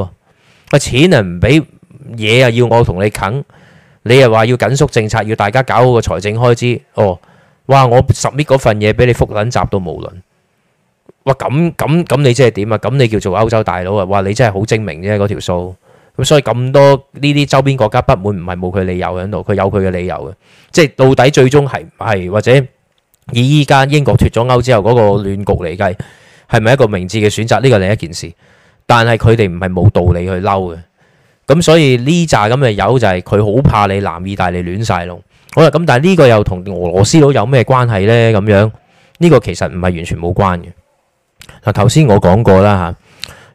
個錢啊唔俾，嘢啊要我同你啃，你又話要緊縮政策，要大家搞好個財政開支。哦，哇！我十撇嗰份嘢俾你覆捻雜到冇卵。咁咁咁，你即係點啊？咁你叫做歐洲大佬啊？哇！你真係好精明啫，啊，嗰條數咁，所以咁多呢啲周邊國家不滿唔係冇佢理由喺度，佢有佢嘅理由嘅。即係到底最終係係或者以依家英國脱咗歐之後嗰，嗰個亂局嚟計，係咪一個明智嘅選擇？呢個另一件事，但係佢哋唔係冇道理去嬲嘅。咁所以呢扎咁嘅友就係佢好怕你南意大利亂晒囉。好啦，咁但係呢個又同俄羅斯佬有咩關係呢？咁樣呢，呢個其實唔係完全冇關嘅。嗱，頭先我講過啦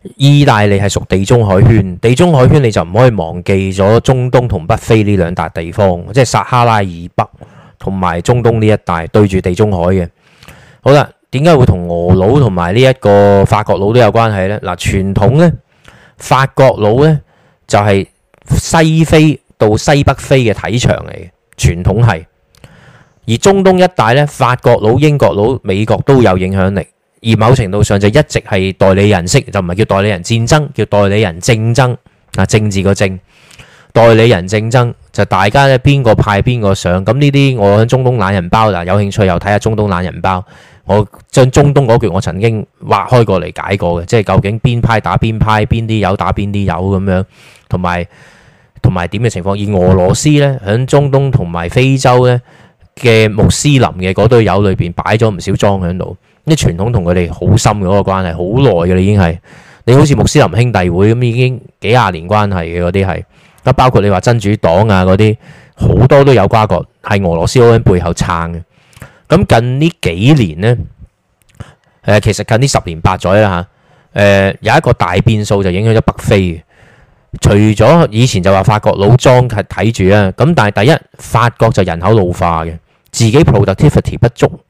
吓，意大利係屬地中海圈，地中海圈你就唔可以忘記咗中東同北非呢兩笪地方，即係撒哈拉以北同埋中東呢一帶對住地中海嘅。好啦，點解會同俄佬同埋呢一個法國佬都有關係呢？嗱，傳統呢，法國佬呢就係西非到西北非嘅體場嚟嘅，傳統係，而中東一帶呢，法國佬、英國佬、美國都有影響力。而某程度上就一直係代理人式，就唔係叫代理人戰爭，叫代理人政爭啊。政治個政，代理人政爭就大家咧，邊個派邊個上咁呢啲。我喺中東懶人包嗱，有興趣又睇下中東懶人包。我將中東嗰橛我曾經劃開過嚟解過嘅，即係究竟邊派打邊派，邊啲友打邊啲友咁樣，同埋同埋點嘅情況。而俄羅斯呢，喺中東同埋非洲呢嘅穆斯林嘅嗰堆友裏邊擺咗唔少裝喺度。啲傳統同佢哋好深嘅嗰個關係，好耐嘅啦，已經係你好似穆斯林兄弟會咁，已經幾廿年關係嘅嗰啲係，包括你話真主黨啊嗰啲，好多都有瓜葛，係俄羅斯喺背後撐嘅。咁近呢幾年呢，誒其實近呢十年八載啦嚇，誒有一個大變數就影響咗北非，除咗以前就話法國老莊係睇住啊，咁但係第一法國就人口老化嘅，自己 productivity 不足。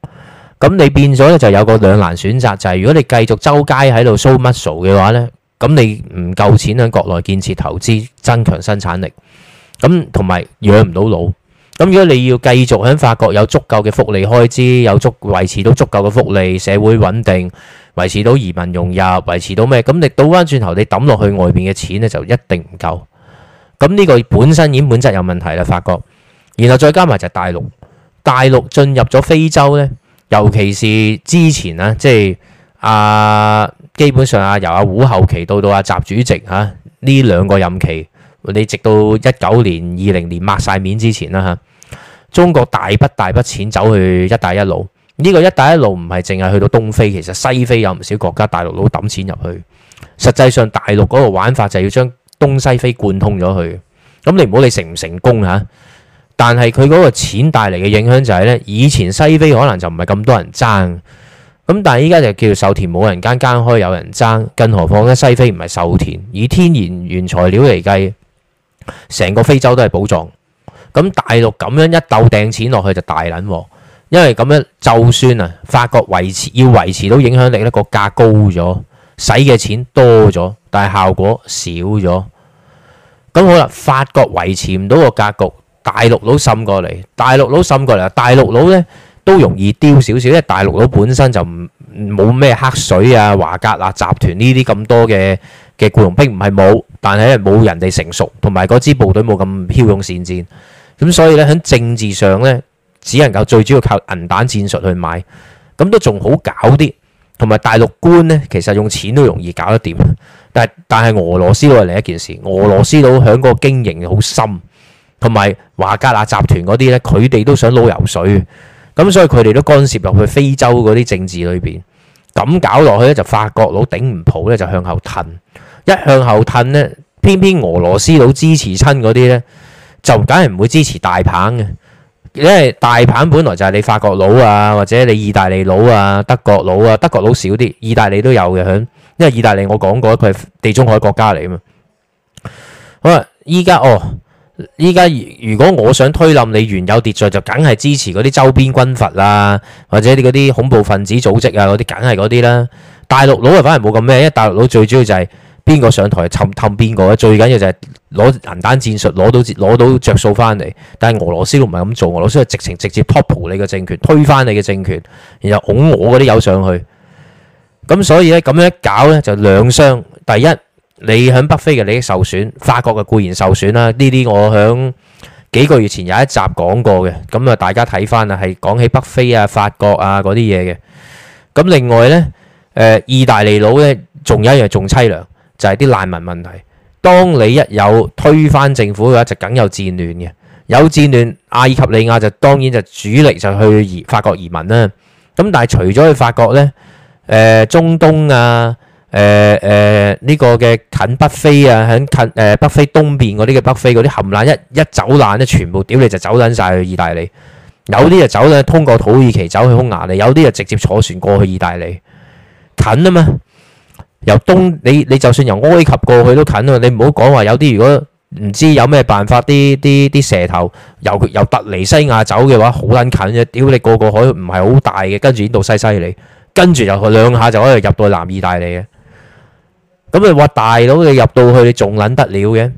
咁你變咗咧，就有個兩難選擇，就係如果你繼續周街喺度 show muscle 嘅話呢，咁你唔夠錢喺國內建設投資，增強生產力，咁同埋養唔到老。咁如果你要繼續喺法國有足夠嘅福利開支，有足維持到足夠嘅福利，社會穩定，維持到移民融入，維持到咩？咁你倒返轉頭，你抌落去外邊嘅錢呢，就一定唔夠。咁呢個本身已經本質有問題啦，法國，然後再加埋就係大陸，大陸進入咗非洲呢。尤其是之前咧，即係啊，基本上啊，由阿胡後期到到阿、啊、習主席吓呢、啊、兩個任期，你直到一九年、二零年抹晒面之前啦吓、啊，中國大筆大筆錢走去一帶一路呢、呢個一帶一路唔係淨係去到東非，其實西非有唔少國家大陸佬抌錢入去。實際上大陸嗰個玩法就係要將東西非貫通咗去，咁、啊嗯、你唔好你成唔成功吓。啊但係佢嗰個錢帶嚟嘅影響就係呢，以前西非可能就唔係咁多人爭，咁但係依家就叫受田冇人耕，耕開有人爭，更何況呢，西非唔係受田，以天然原材料嚟計，成個非洲都係寶藏，咁大陸咁樣一鬥掟錢落去就大撚喎，因為咁樣就算啊，法國維持要維持到影響力，呢個價高咗，使嘅錢多咗，但係效果少咗，咁好啦，法國維持唔到個格局。大陸佬滲過嚟，大陸佬滲過嚟，大陸佬呢都容易丟少少，因為大陸佬本身就唔冇咩黑水啊、華格納集團呢啲咁多嘅嘅僱傭兵，唔係冇，但係冇人哋成熟，同埋嗰支部隊冇咁驍勇善戰，咁所以呢，喺政治上呢，只能夠最主要靠銀彈戰術去買，咁都仲好搞啲，同埋大陸官呢，其實用錢都容易搞得掂，但係俄羅斯佬係另一件事，俄羅斯佬喺個經營好深。同埋華格納集團嗰啲咧，佢哋都想撈油水，咁所以佢哋都干涉入去非洲嗰啲政治裏邊。咁搞落去咧，就法國佬頂唔抱咧，就向後褪。一向後褪咧，偏偏俄羅斯佬支持親嗰啲咧，就梗係唔會支持大棒嘅，因為大棒本來就係你法國佬啊，或者你意大利佬啊、德國佬啊。德國佬少啲，意大利都有嘅，因為意大利我講過佢係地中海國家嚟啊嘛。好啦、啊，依家哦。依家如果我想推冧你原有秩序，就梗係支持嗰啲周邊軍閥啦，或者你嗰啲恐怖分子組織啊，嗰啲梗係嗰啲啦。大陸佬啊，反而冇咁咩，因為大陸佬最主要就係邊個上台就氹氹邊個，最緊要就係攞銀彈戰術攞到攞到着數翻嚟。但係俄羅斯都唔係咁做，俄羅斯係直情直接 topple 你嘅政權，推翻你嘅政權，然後拱我嗰啲友上去。咁所以咧，咁樣一搞咧就兩傷。第一。你響北非嘅利益受損，法國嘅固然受損啦，呢啲我響幾個月前有一集講過嘅，咁啊大家睇翻啊，係講起北非啊、法國啊嗰啲嘢嘅。咁另外呢，誒意大利佬，呢仲有一樣仲淒涼，就係、是、啲難民問題。當你一有推翻政府嘅話，就梗有戰亂嘅，有戰亂，阿爾及利亞就當然就主力就去法法國移民啦。咁但係除咗去法國呢，誒中東啊。誒誒，呢、呃這個嘅近北非啊，喺近誒、呃、北非東邊嗰啲嘅北非嗰啲冚唪唥一一走難咧，全部屌你就走撚晒去意大利。有啲就走咧，通過土耳其走去匈牙利；有啲就直接坐船過去意大利。近啊嘛，由東你你就算由埃及過去都近啊嘛。你唔好講話有啲如果唔知有咩辦法，啲啲啲蛇頭由由突尼西亞走嘅話好撚近啫。屌你個個海唔係好大嘅，跟住已經到西西里，跟住就兩下就可以入到南意大利嘅。咁你話大佬，你入到去，你仲撚得了嘅？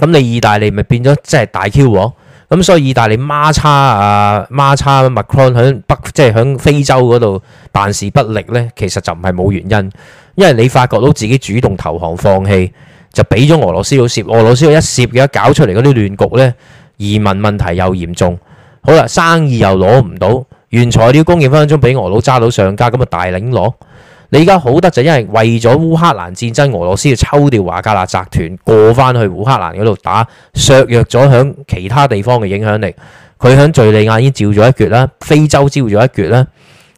咁你意大利咪變咗即係大 Q 喎？咁所以意大利孖叉啊，孖叉 Macron 喺北即係喺非洲嗰度辦事不力呢，其實就唔係冇原因，因為你發覺到自己主動投降放棄，就俾咗俄羅斯佬涉，俄羅斯佬一涉嘅，搞出嚟嗰啲亂局呢，移民問題又嚴重，好啦，生意又攞唔到，原材料供應分分鐘俾俄佬揸到上家，咁啊大領攞。你而家好得就因為為咗烏克蘭戰爭，俄羅斯要抽調華格納集團過翻去烏克蘭嗰度打，削弱咗響其他地方嘅影響力。佢響敘利亞已經照咗一橛啦，非洲招咗一橛啦，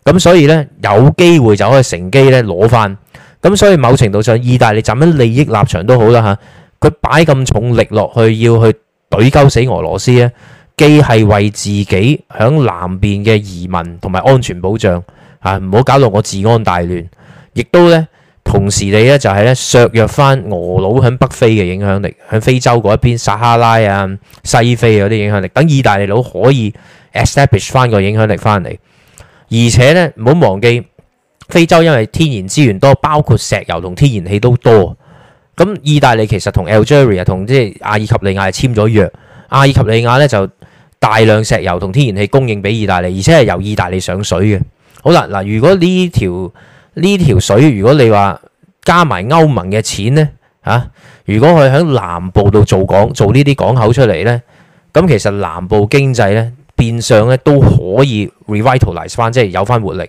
咁所以呢，有機會就可以乘機咧攞翻。咁所以某程度上，意大利站喺利益立場都好啦吓，佢擺咁重力落去要去懟鳩死俄羅斯啊，既係為自己響南邊嘅移民同埋安全保障。啊！唔好搞到我治安大亂，亦都咧，同時地咧就係咧削弱翻俄佬喺北非嘅影響力，喺非洲嗰邊撒哈拉啊、西非嗰啲影響力，等意大利佬可以 establish 翻個影響力翻嚟。而且咧唔好忘記非洲，因為天然資源多，包括石油同天然氣都多。咁意大利其實同 Algeria、er、同即係阿爾及利亞係簽咗約，阿爾及利亞咧就大量石油同天然氣供應俾意大利，而且係由意大利上水嘅。好啦，嗱，如果呢條呢條水，如果你話加埋歐盟嘅錢咧，嚇，如果佢喺南部度做港，做呢啲港口出嚟咧，咁其實南部經濟咧變相咧都可以 revitalize 翻，即係有翻活力。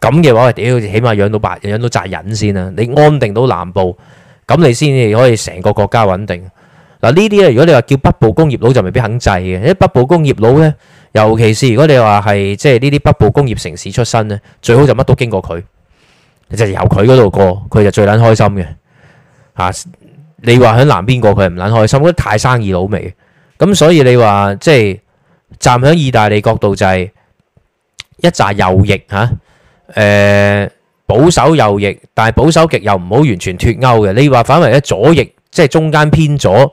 咁嘅話，屌，起碼養到百養到扎人先啊！你安定到南部，咁你先至可以成個國家穩定。嗱，呢啲咧，如果你話叫北部工業佬就未必肯制嘅，啲北部工業佬咧。尤其是如果你話係即係呢啲北部工業城市出身咧，最好就乜都經過佢，就由佢嗰度過，佢就最捻開心嘅。啊，你話響南邊過佢唔捻開心，覺得太生意佬味嘅。咁所以你話即係站響意大利角度就係一扎右翼吓，誒、啊呃、保守右翼，但係保守極又唔好完全脫歐嘅。你話反為咧左翼，即係中間偏左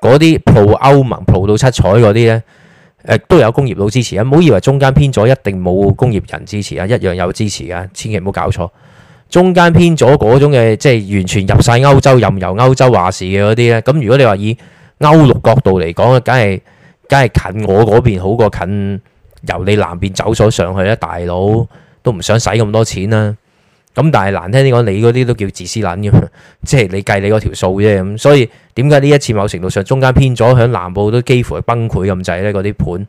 嗰啲蒲歐盟蒲到七彩嗰啲咧。都有工業佬支持啊！唔好以為中間偏左一定冇工業人支持啊，一樣有支持噶，千祈唔好搞錯。中間偏左嗰種嘅，即係完全入晒歐洲，任由歐洲話事嘅嗰啲咧。咁如果你話以歐陸角度嚟講咧，梗係梗係近我嗰邊好過近由你南邊走咗上去啦，大佬都唔想使咁多錢啦。咁但係難聽啲講，你嗰啲都叫自私撚嘅，即係你計你嗰條數啫咁。所以點解呢一次某程度上中間偏左，響南部都幾乎崩潰咁滯呢？嗰啲盤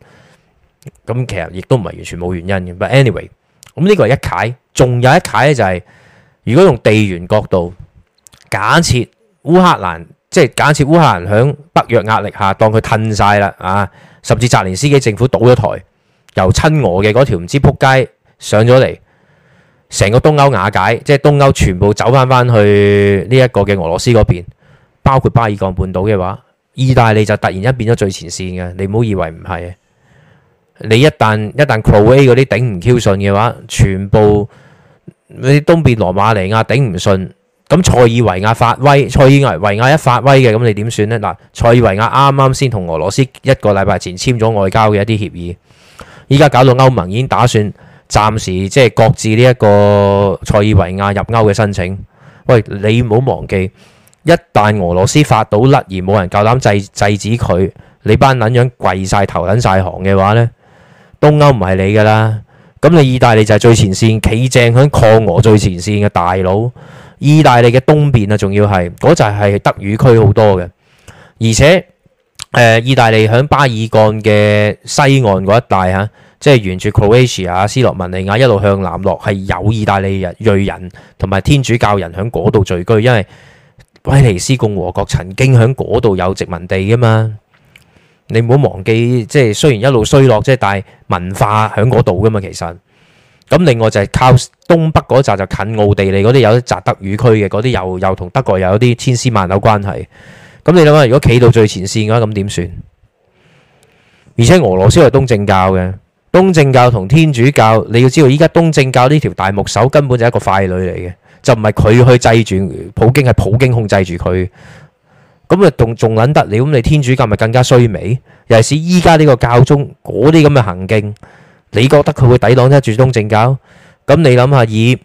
咁其實亦都唔係完全冇原因嘅。But anyway，咁呢個係一解，仲有一解咧就係、是、如果用地緣角度，假設烏克蘭即係假設烏克蘭響北約壓力下當佢吞晒啦啊，甚至澤連斯基政府倒咗台，由親俄嘅嗰條唔知仆街上咗嚟。成個東歐瓦解，即係東歐全部走翻翻去呢一個嘅俄羅斯嗰邊，包括巴爾幹半島嘅話，意大利就突然一變咗最前線嘅，你唔好以為唔係。你一旦一旦克羅埃嗰啲頂唔飄順嘅話，全部你東邊羅馬尼亞頂唔順，咁塞爾維亞發威，塞爾維亞一發威嘅，咁你點算呢？嗱，塞爾維亞啱啱先同俄羅斯一個禮拜前簽咗外交嘅一啲協議，依家搞到歐盟已經打算，暫時即係擱置呢一個塞爾維亞入歐嘅申請。喂，你唔好忘記，一旦俄羅斯發到甩而冇人夠膽制制止佢，你班撚樣跪晒頭撚晒行嘅話呢，東歐唔係你㗎啦。咁你意大利就係最前線，企正響抗俄最前線嘅大佬。意大利嘅東邊啊，仲要係嗰就係德語區好多嘅，而且、呃、意大利響巴爾干嘅西岸嗰一帶嚇。啊即係沿住 Croatia、斯洛文尼亞一路向南落，係有意大利人、瑞人同埋天主教人喺嗰度聚居，因為威尼斯共和國曾經喺嗰度有殖民地噶嘛。你唔好忘記，即係雖然一路衰落，即係但係文化喺嗰度噶嘛。其實咁，另外就係靠東北嗰扎就近奧地利嗰啲有啲扎德語區嘅嗰啲，又又同德國有啲千絲萬縷關係。咁你諗下，如果企到最前線嘅話，咁點算？而且俄羅斯係東正教嘅。東正教同天主教，你要知道，依家東正教呢條大牧首根本就係一個傀儡嚟嘅，就唔係佢去制住普京，係普京控制住佢。咁啊，仲仲捻得你咁？你天主教咪更加衰微？尤其是依家呢個教宗嗰啲咁嘅行徑，你覺得佢會抵擋得住東正教？咁你諗下，以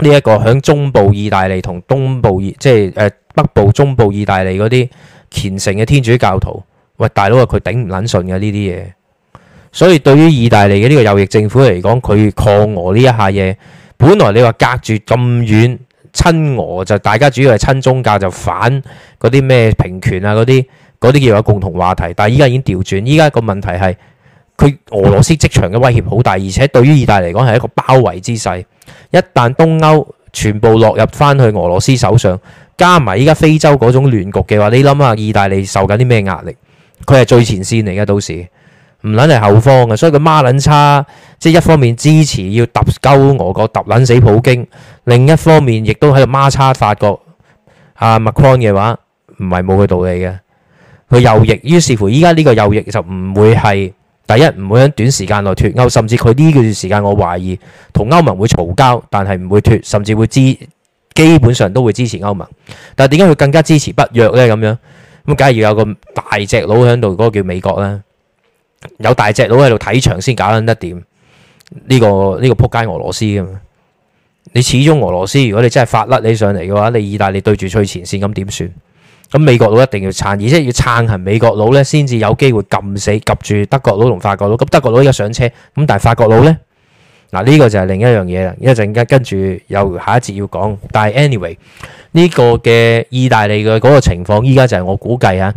呢一個響中部意大利同東部，即係誒、呃、北部、中部意大利嗰啲虔誠嘅天主教徒，喂大佬啊，佢頂唔捻順嘅呢啲嘢。所以對於意大利嘅呢個右翼政府嚟講，佢抗俄呢一下嘢，本來你話隔住咁遠，親俄就大家主要係親宗教，就反嗰啲咩平權啊嗰啲，嗰啲叫做共同話題，但係依家已經調轉。依家個問題係佢俄羅斯職場嘅威脅好大，而且對於意大利嚟講係一個包圍之勢。一旦東歐全部落入翻去俄羅斯手上，加埋依家非洲嗰種亂局嘅話，你諗下意大利受緊啲咩壓力？佢係最前線嚟嘅，到時。唔撚係後方嘅，所以佢孖撚差，即係一方面支持要揼鳩俄國揼撚死普京，另一方面亦都喺度孖叉法國啊麥康嘅話，唔係冇佢道理嘅。佢右翼於是乎，依家呢個右翼就唔會係第一唔會喺短時間內脫歐，甚至佢呢段時間我懷疑同歐盟會嘈交，但係唔會脫，甚至會支基本上都會支持歐盟。但係點解佢更加支持北約呢？咁樣？咁啊，梗係要有個大隻佬喺度，嗰、嗰個叫美國啦。有大隻佬喺度睇場先搞得掂，呢個呢個仆街俄羅斯啊！你始終俄羅斯，如果你真係發甩你上嚟嘅話，你意大利對住最前線咁點算？咁美國佬一定要撐，而且要撐行美國佬咧，先至有機會撳死撳住德國佬同法國佬。咁德國佬依家上車，咁但係法國佬呢？嗱呢個就係另一樣嘢啦。一陣間跟住又下一節要講，但係 anyway 呢個嘅意大利嘅嗰個情況，依家就係我估計啊。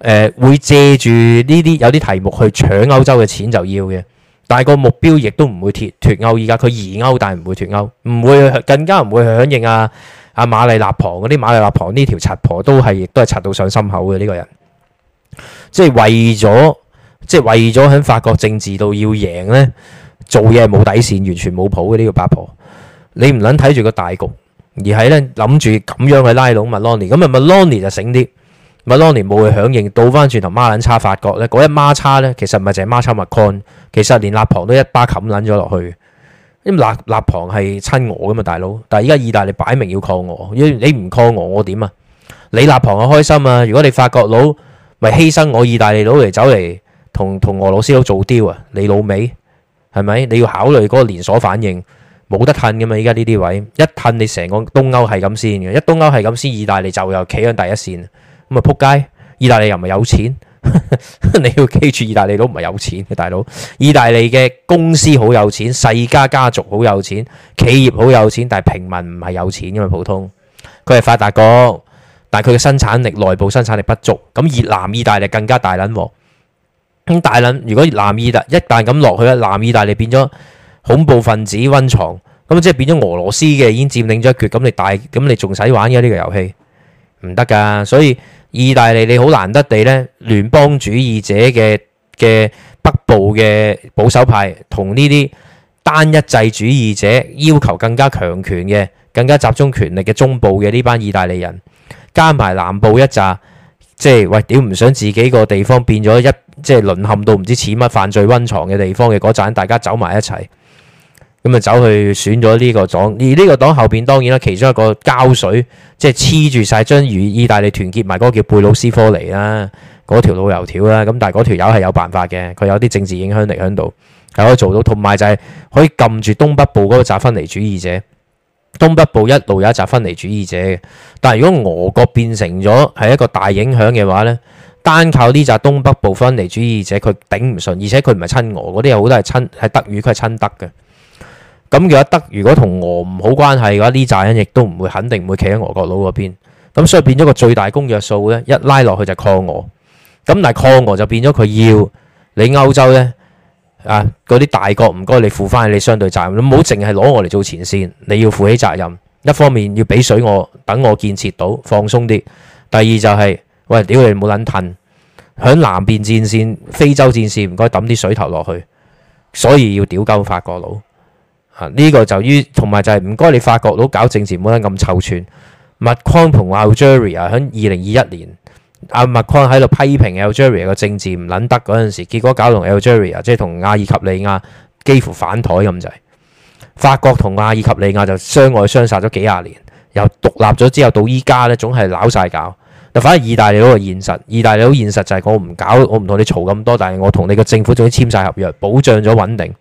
誒會借住呢啲有啲題目去搶歐洲嘅錢就要嘅，但係個目標亦都唔會脫脫歐而家，佢疑歐但係唔會脫歐，唔會更加唔會響應啊啊馬麗納婆嗰啲馬麗納婆呢條柒婆都係亦都係柒到上心口嘅呢個人，即係為咗即係為咗喺法國政治度要贏呢，做嘢係冇底線，完全冇譜嘅呢個八婆。你唔撚睇住個大局，而係呢，諗住咁樣去拉攏麥朗尼，咁啊麥朗尼就醒啲。咪當年冇去響應，倒翻轉頭孖撚叉法國咧，嗰一孖叉呢，其實唔係淨係孖叉麥乾，其實連立旁都一巴冚撚咗落去。啲立，立旁朋係親俄噶嘛，大佬，但係而家意大利擺明要抗俄，你唔抗俄我點啊？你立旁啊開心啊？如果你法國佬咪犧牲我意大利佬嚟走嚟同同俄羅斯佬做釣啊？你老味係咪？你要考慮嗰個連鎖反應冇得褪噶嘛？依家呢啲位一褪，你成個東歐係咁先嘅，一東歐係咁先，意大利就又企喺第一線。咁啊，撲街！意大利又唔係有錢， 你要記住，意大利佬唔係有錢嘅大佬。意大利嘅公司好有錢，世家家族好有錢，企業好有錢，但係平民唔係有錢，因為嘛，普通。佢係發達國，但係佢嘅生產力，內部生產力不足。咁南意大利更加大捻喎。咁大捻，如果南意大一旦咁落去咧，南意大利變咗恐怖分子温床，咁即係變咗俄羅斯嘅已經佔領咗一撅，咁你大，咁你仲使玩嘅呢個遊戲唔得㗎，所以。意大利你好難得地呢，聯邦主義者嘅嘅北部嘅保守派同呢啲單一制主義者要求更加強權嘅、更加集中權力嘅中部嘅呢班意大利人，加埋南部一紮，即係喂，屌唔想自己個地方變咗一即係淪陷到唔知似乜犯罪温床嘅地方嘅嗰陣，大家走埋一齊。咁啊，走去選咗呢個黨，而呢個黨後邊當然啦，其中一個膠水即係黐住晒將與意大利團結埋嗰個叫貝魯斯科尼啦，嗰條老油條啦。咁但係嗰條友係有辦法嘅，佢有啲政治影響力喺度，係可以做到。同埋就係可以撳住東北部嗰個集分離主義者。東北部一路有一集分離主義者，但係如果俄國變成咗係一個大影響嘅話呢，單靠呢集東北部分離主義者，佢頂唔順，而且佢唔係親俄嗰啲，有好多係親係德語，佢係親德嘅。咁嘅話，得如果同俄唔好關係嘅話，呢責任亦都唔會肯定唔會企喺俄國佬嗰邊。咁所以變咗個最大公約數咧，一拉落去就抗俄。咁但係抗俄就變咗佢要你歐洲咧啊嗰啲大國唔該，你負翻你相對責任。你唔好淨係攞我嚟做前線，你要負起責任。一方面要俾水我，等我建設到放鬆啲；第二就係、是、喂屌你冇撚褪響南邊戰線、非洲戰線，唔該抌啲水頭落去。所以要屌鳩法國佬。」呢個就於同埋就係唔該，你法國佬搞政治冇得咁臭串。Macron 同 Algeria 喺二零二一年，阿 Macron 喺度批評 Algeria 個政治唔撚得嗰陣時，結果搞到 Algeria 即係同亞爾及利亞幾乎反台咁滯。法國同亞爾及利亞就相愛相殺咗幾廿年，又獨立咗之後到依家呢，總係攪晒搞。嗱，反而意大利好現實，意大利好現實就係我唔搞，我唔同你嘈咁多，但係我同你嘅政府總之簽晒合約，保障咗穩定。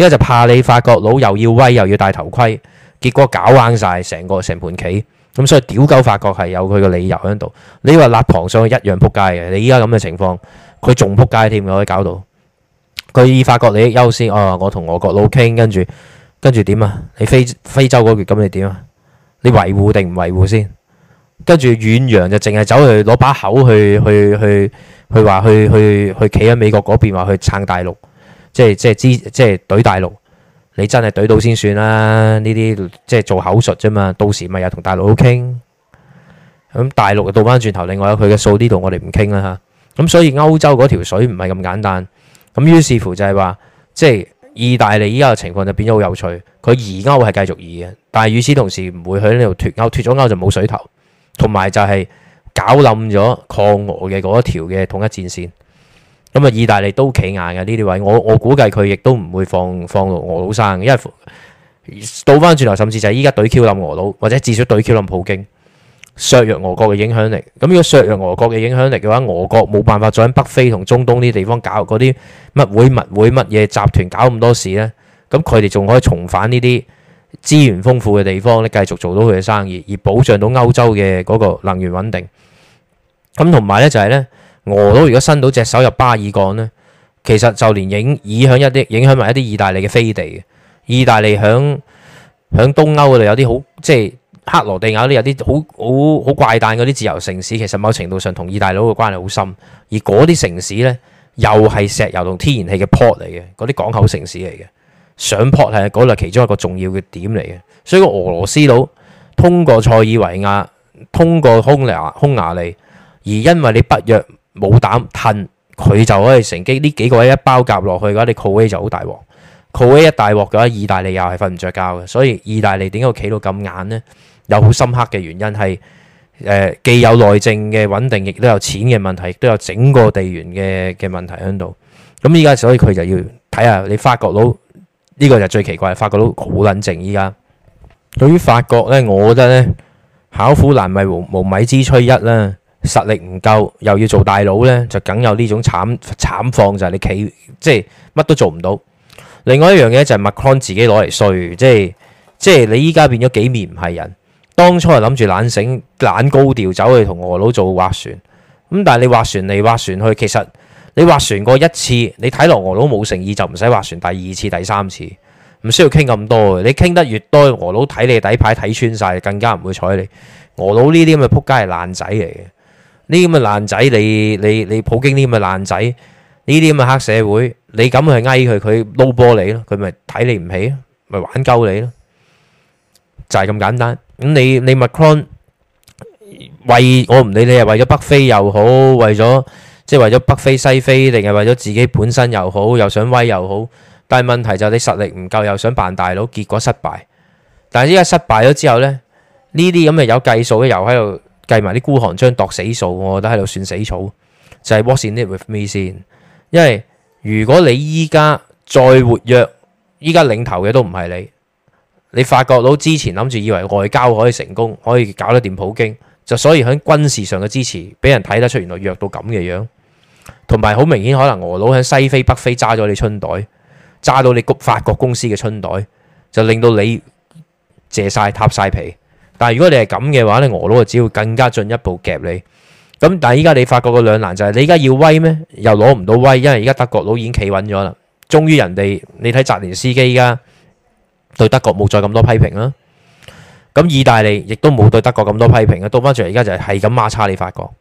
而家就怕你法國佬又要威又要戴頭盔，結果搞歪晒成個成盤棋。咁、嗯、所以屌鳩法國係有佢個理由喺度。你話立糖上去一樣撲街嘅。你依家咁嘅情況，佢仲撲街添，可以搞到佢以法國利益優先啊、哦！我同俄國佬傾，跟住跟住點啊？你非非洲嗰邊咁你點啊？你維護定唔維護先？跟住遠洋就淨係走去攞把口去去去去話去去去企喺美國嗰邊話去撐大陸。即係即係知即係對大陸，你真係對到先算啦。呢啲即係做口術啫嘛，到時咪又同大陸好傾。咁大陸又倒翻轉頭，另外有佢嘅數呢度，我哋唔傾啦嚇。咁所以歐洲嗰條水唔係咁簡單。咁於是乎就係話，即係意大利依家嘅情況就變咗好有趣。佢移歐係繼續移嘅，但係與此同時唔會喺呢度脱歐，脱咗歐就冇水頭，同埋就係搞冧咗抗俄嘅嗰條嘅統一戰線。咁啊！意大利都企硬嘅呢啲位，我我估計佢亦都唔會放放俄佬生，因為倒翻轉頭，甚至就係依家對 Q 冧俄佬，或者至少對 Q 冧普京削弱俄國嘅影響力。咁如果削弱俄國嘅影響力嘅話，俄國冇辦法再喺北非同中東呢啲地方搞嗰啲乜會乜會乜嘢集團搞咁多事呢。咁佢哋仲可以重返呢啲資源豐富嘅地方咧，繼續做到佢嘅生意，而保障到歐洲嘅嗰個能源穩定。咁同埋呢就係呢。俄佬如果伸到隻手入巴爾幹呢，其實就連影響影響一啲影響埋一啲意大利嘅飛地嘅。意大利響響東歐嗰度有啲好，即係克羅地亞嗰啲有啲好好好怪誕嗰啲自由城市，其實某程度上同意大利嘅關係好深。而嗰啲城市呢，又係石油同天然氣嘅 port 嚟嘅，嗰啲港口城市嚟嘅，上 port 係嗰度其中一個重要嘅點嚟嘅。所以俄羅斯佬通過塞爾維亞，通過匈牙匈牙利，而因為你北約。冇膽吞佢就可以乘機，呢幾個一包夾落去嘅話，你 c o r 就好大鑊 c o r 一大鑊嘅話，意大利又係瞓唔着覺嘅，所以意大利點解會企到咁硬呢？有好深刻嘅原因係、呃、既有內政嘅穩定，亦都有錢嘅問題，亦都有整個地緣嘅嘅問題喺度。咁依家所以佢就要睇下你法國佬呢、這個就最奇怪，法國佬好冷靜依家。對於法國呢，我覺得呢，巧婦難為無米之炊一啦。實力唔夠，又要做大佬呢，就梗有呢種慘慘況就係、是、你企即係乜都做唔到。另外一樣嘢就係 Macron 自己攞嚟衰，即係即係你依家變咗幾面唔係人。當初係諗住懶醒懶高調，走去同俄佬做划船。咁但係你划船嚟划船去，其實你划船過一次，你睇落俄佬冇誠意就唔使划船。第二次、第三次唔需要傾咁多，你傾得越多，俄佬睇你底牌睇穿晒，更加唔會睬你。俄佬呢啲咁嘅扑街係爛仔嚟嘅。呢啲咁嘅爛仔，你你你普京呢啲咁嘅爛仔，呢啲咁嘅黑社會，你咁去威佢，佢撈波你咯，佢咪睇你唔起咯，咪玩鳩你咯，就係咁簡單。咁你你 Macron 為我唔理你係為咗北非又好，為咗即係為咗北非西非定係為咗自己本身又好，又想威又好。但係問題就係你實力唔夠，又想扮大佬，結果失敗。但係依家失敗咗之後呢，呢啲咁嘅有計數嘅又喺度。計埋啲孤寒將度死數，我覺得喺度算死草，就係 watching it with me 先。因為如果你依家再活躍，依家領頭嘅都唔係你，你發覺到之前諗住以為外交可以成功，可以搞得掂普京，就所以喺軍事上嘅支持俾人睇得出，原來弱到咁嘅樣，樣。同埋好明顯，可能俄佬喺西非、北非揸咗你春袋，揸到你國法國公司嘅春袋，就令到你借晒、塌晒皮。但係如果你係咁嘅話咧，俄佬就只會更加進一步夾你。咁但係依家你法國個兩難就係、是、你依家要威咩？又攞唔到威，因為而家德國佬已經企穩咗啦。終於人哋你睇澤連斯基依家對德國冇再咁多批評啦。咁意大利亦都冇對德國咁多批評啊。倒翻轉嚟，而家就係係咁罵叉。你法國，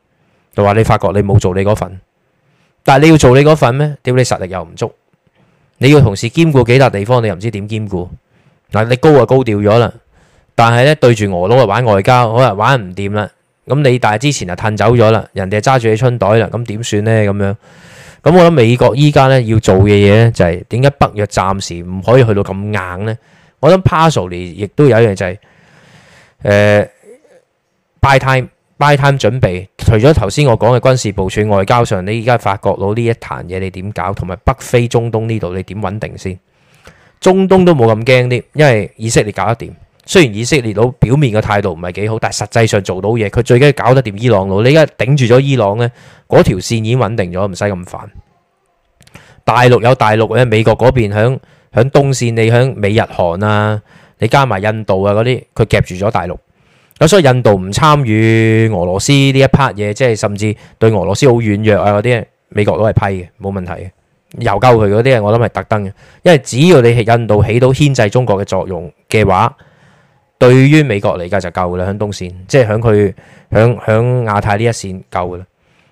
就話你法國你冇做你嗰份。但係你要做你嗰份咩？屌你實力又唔足，你要同時兼顧幾笪地方，你又唔知點兼顧。嗱，你高啊高調咗啦。但係咧，對住俄佬就玩外交，可能玩唔掂啦。咁你但係之前就褪走咗啦，人哋揸住你春袋啦，咁點算呢？咁樣咁我諗美國依家咧要做嘅嘢咧，就係點解北約暫時唔可以去到咁硬呢？我諗 parcel 嚟亦都有一樣就係誒 buy time buy time 準備。除咗頭先我講嘅軍事部署、外交上，你依家法國佬呢一壇嘢，你點搞？同埋北非、中東呢度，你點穩定先？中東都冇咁驚啲，因為以色列搞得掂。雖然以色列佬表面嘅態度唔係幾好，但係實際上做到嘢，佢最緊要搞得掂伊朗佬。你而家頂住咗伊朗呢，嗰條線已經穩定咗，唔使咁煩。大陸有大陸咧，美國嗰邊響響東線，你響美日韓啊，你加埋印度啊嗰啲，佢夾住咗大陸咁，所以印度唔參與俄羅斯呢一 part 嘢，即係甚至對俄羅斯好軟弱啊嗰啲，美國都係批嘅冇問題嘅。又救佢嗰啲我諗係特登嘅，因為只要你係印度起到牽制中國嘅作用嘅話。對於美國嚟計就夠啦，響東線即係響佢響響亞太呢一線夠噶啦。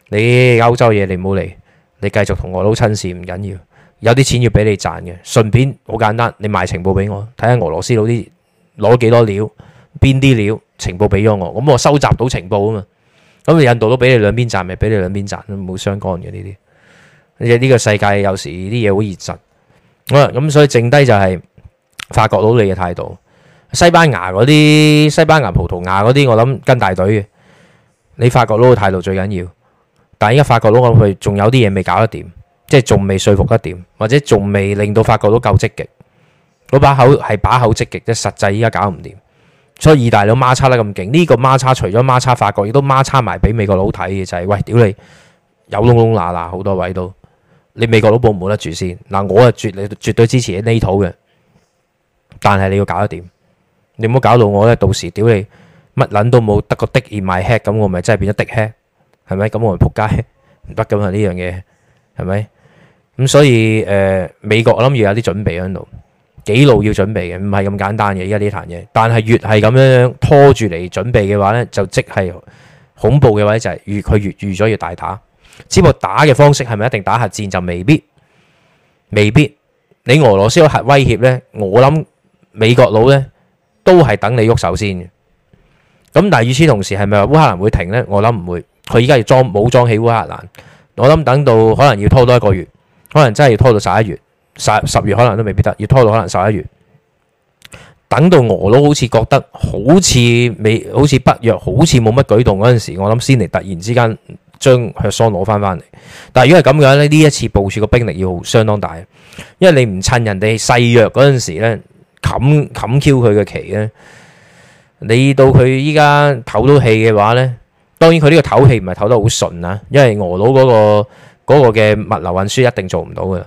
你歐洲嘢你唔好嚟，你繼續同俄佬親善唔緊要。有啲錢要俾你賺嘅，順便好簡單，你賣情報俾我，睇下俄羅斯佬啲攞幾多料，邊啲料情報俾咗我，咁我收集到情報啊嘛。咁你印度都俾你兩邊賺，咪俾你兩邊賺，冇相干嘅呢啲。呢、這個世界有時啲嘢好現實。好、嗯、啦，咁所以剩低就係、是、發覺到你嘅態度。西班牙嗰啲、西班牙、葡萄牙嗰啲，我諗跟大隊嘅。你法國佬嘅態度最緊要，但係而家法國佬我諗佢仲有啲嘢未搞得掂，即係仲未說服得掂，或者仲未令到法國佬夠積極。攞把口係把口積極，即係實際依家搞唔掂，所以意大利孖叉得咁勁。呢、這個孖叉除咗孖叉法國，亦都孖叉埋俾美國佬睇嘅就係、是、喂屌你有窿窿罅罅好多位都你美國佬部冇得住先嗱，我啊絕你絕對支持呢套嘅，但係你要搞得掂。你唔好搞到我咧，到時屌你乜捻都冇，得個的而賣吃。e 咁，我咪真係變咗的吃，e 係咪？咁我咪扑街唔得噶嘛？呢樣嘢係咪？咁所以誒、呃，美國我諗要有啲準備喺度，幾路要準備嘅，唔係咁簡單嘅。依家呢壇嘢，但係越係咁樣樣拖住嚟準備嘅話咧，就即係恐怖嘅話就係越佢越預咗越，越，越大打。只不過打嘅方式係咪一定打核戰就未必？未必你俄羅斯有核威脅咧，我諗美國佬咧。都係等你喐手先嘅，咁但係與此同時係咪話烏克蘭會停呢？我諗唔會，佢依家要裝武裝起烏克蘭，我諗等到可能要拖多一個月，可能真係要拖到十一月，十月可能都未必得，要拖到可能十一月，等到俄佬好似覺得好似未好似北約，好似冇乜舉動嗰陣時，我諗先嚟突然之間將赫桑攞翻返嚟。但係如果係咁樣呢，呢一次部署嘅兵力要相當大，因為你唔趁人哋勢弱嗰陣時咧。冚冚 Q 佢嘅旗咧，你到佢依家唞到氣嘅話咧，當然佢呢個唞氣唔係唞得好順啊，因為俄佬嗰個嗰個嘅物流運輸一定做唔到嘅。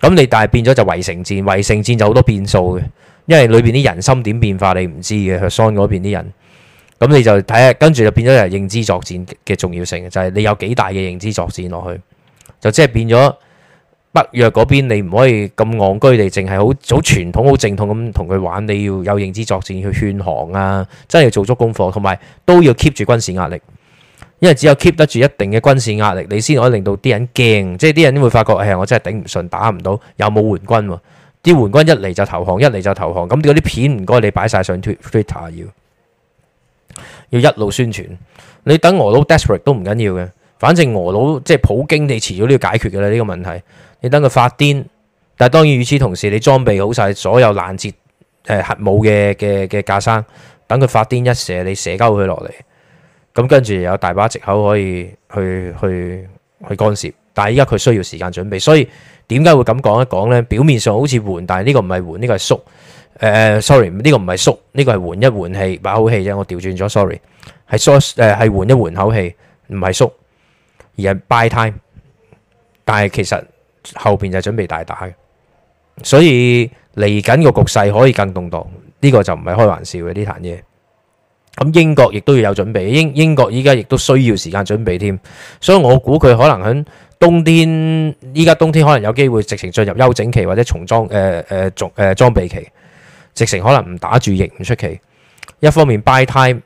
咁你但係變咗就圍城戰，圍城戰就好多變數嘅，因為裏邊啲人心點變化你唔知嘅，俄桑嗰邊啲人，咁你就睇下，跟住就變咗係認知作戰嘅重要性，就係你有幾大嘅認知作戰落去，就即係變咗。北約嗰邊，你唔可以咁戇居地，淨係好好傳統好正統咁同佢玩。你要有認知作戰要去勸降啊，真係要做足功課，同埋都要 keep 住軍事壓力，因為只有 keep 得住一定嘅軍事壓力，你先可以令到啲人驚，即係啲人會發覺，誒、哎、我真係頂唔順，打唔到又冇援軍喎、啊。啲援軍一嚟就投降，一嚟就投降咁嗰啲片唔該，你擺晒上 Twitter 要要一路宣傳。你等俄佬 desperate 都唔緊要嘅，反正俄佬即係普京，你遲早都要解決嘅啦。呢、這個問題。你等佢發癲，但係當然與此同時，你裝備好晒所有攔截誒、呃、核武嘅嘅嘅架生，等佢發癲一射，你射交佢落嚟，咁跟住有大把藉口可以去去去干涉。但係依家佢需要時間準備，所以點解會咁講一講呢？表面上好似緩，但係呢個唔係緩，呢、這個係縮。誒、呃、sorry，呢個唔係縮，呢、這個係緩一緩氣，把口氣啫。我調轉咗，sorry，係 sorry 誒係緩一緩口氣，唔係縮而係 by time，但係其實。後邊就準備大打嘅，所以嚟緊個局勢可以更動蕩，呢個就唔係開玩笑嘅呢壇嘢。咁英國亦都要有準備，英英國依家亦都需要時間準備添，所以我估佢可能喺冬天，依家冬天可能有機會直情進入休整期或者重裝，誒誒誒裝備期，直情可能唔打住亦唔出奇。一方面 buy time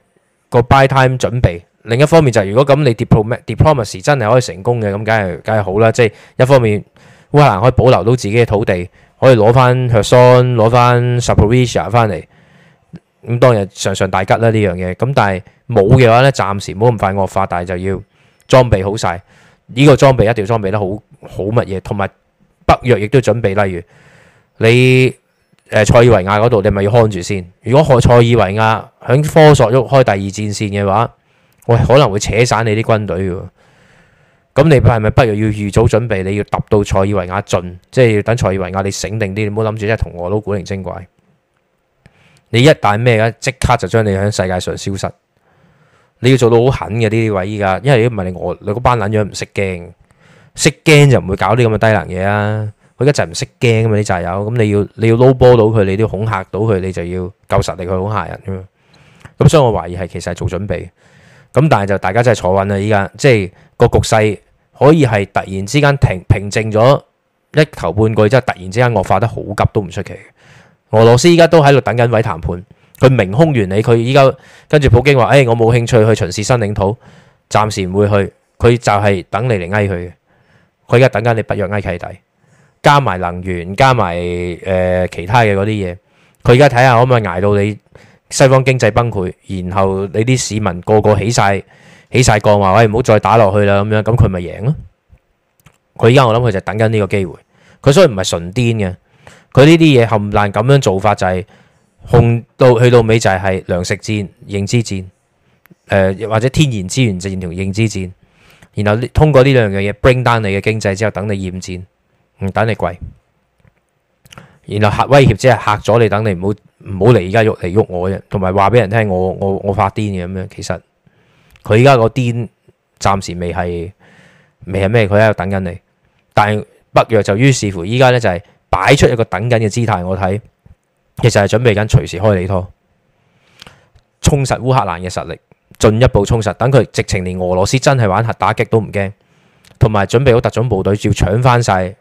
個 buy time 準備。另一方面就係、是，如果咁你 diplom diplomacy 真係可以成功嘅，咁梗係梗係好啦。即係一方面烏克蘭可以保留到自己嘅土地，可以攞翻赫山，攞翻 Subrussia 翻嚟，咁當然上上大吉啦呢樣嘢。咁但係冇嘅話咧，暫時唔好咁快惡化，但係就要裝備好晒，呢、這個裝備一定要裝備得好好乜嘢，同埋北約亦都準備例如你誒、呃、塞爾維亞嗰度，你咪要看住先。如果塞塞爾維亞響科索沃開第二戰線嘅話。喂，可能會扯散你啲軍隊喎。咁你係咪不，不如要預早準備？你要揼到塞爾維亞盡，即係要等塞爾維亞你醒定啲，你唔好諗住真係同俄都古靈精怪。你一旦咩，即刻就將你喺世界上消失。你要做到好狠嘅呢啲位依家，因為如果唔係你俄你嗰班撚樣唔識驚，識驚就唔會搞啲咁嘅低能嘢啊。佢一陣唔識驚啊嘛啲就友，咁你，你要你要撈波到佢，你都要恐嚇到佢，你就要夠實力去恐嚇人啊。咁所以我懷疑係其實係做準備。咁但係就大家真係坐穩啦，依家即係個局勢可以係突然之間停平靜咗一頭半句，即係突然之間惡化得好急都唔出奇。俄羅斯依家都喺度等緊位談判，佢明空原理，佢依家跟住普京話：誒、哎、我冇興趣去巡視新領土，暫時唔會去。佢就係等你嚟挨佢。佢而家等緊你不若挨契弟，加埋能源，加埋誒、呃、其他嘅嗰啲嘢，佢而家睇下可唔可以捱到你。西方經濟崩潰，然後你啲市民個個起晒，起晒槓話：喂，唔好再打落去啦咁樣，咁佢咪贏咯？佢依家我諗佢就等緊呢個機會。佢雖然唔係純癲嘅，佢呢啲嘢冚爛咁樣做法就係、是、控到去到尾就係、是、糧食戰、認知戰，誒、呃、或者天然資源戰同認知戰。然後通過呢兩樣嘢 bring down 你嘅經濟之後，等你厭戰，唔等你跪，然後嚇威脅即係嚇咗你，等你唔好。唔好嚟，而家喐嚟喐我啫。同埋話俾人聽，我我我發癲嘅咁樣。其實佢依家個癲暫時未係未係咩，佢喺度等緊你。但係北約就於是乎，依家咧就係擺出一個等緊嘅姿態。我睇其實係準備緊隨時開你拖，充實烏克蘭嘅實力，進一步充實。等佢直情連俄羅斯真係玩核打擊都唔驚，同埋準備好特種部隊要搶翻晒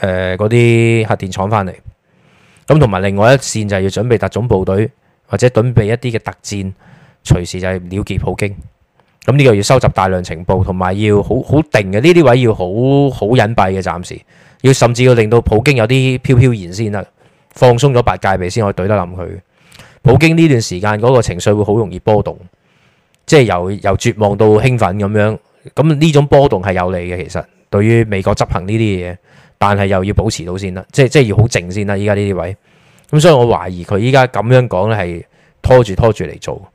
嗰啲核電廠翻嚟。咁同埋另外一線就係要準備特種部隊，或者準備一啲嘅特戰，隨時就係了結普京。咁呢個要收集大量情報，同埋要好好定嘅呢啲位要好好隱蔽嘅，暫時要甚至要令到普京有啲飄飄然先得，放鬆咗晒戒備先，可以懟得冧佢。普京呢段時間嗰個情緒會好容易波動，即係由由絕望到興奮咁樣。咁呢種波動係有利嘅，其實對於美國執行呢啲嘢。但係又要保持到先啦，即係即係要好靜先啦。依家呢啲位，咁、嗯、所以我懷疑佢依家咁樣講咧，係拖住拖住嚟做。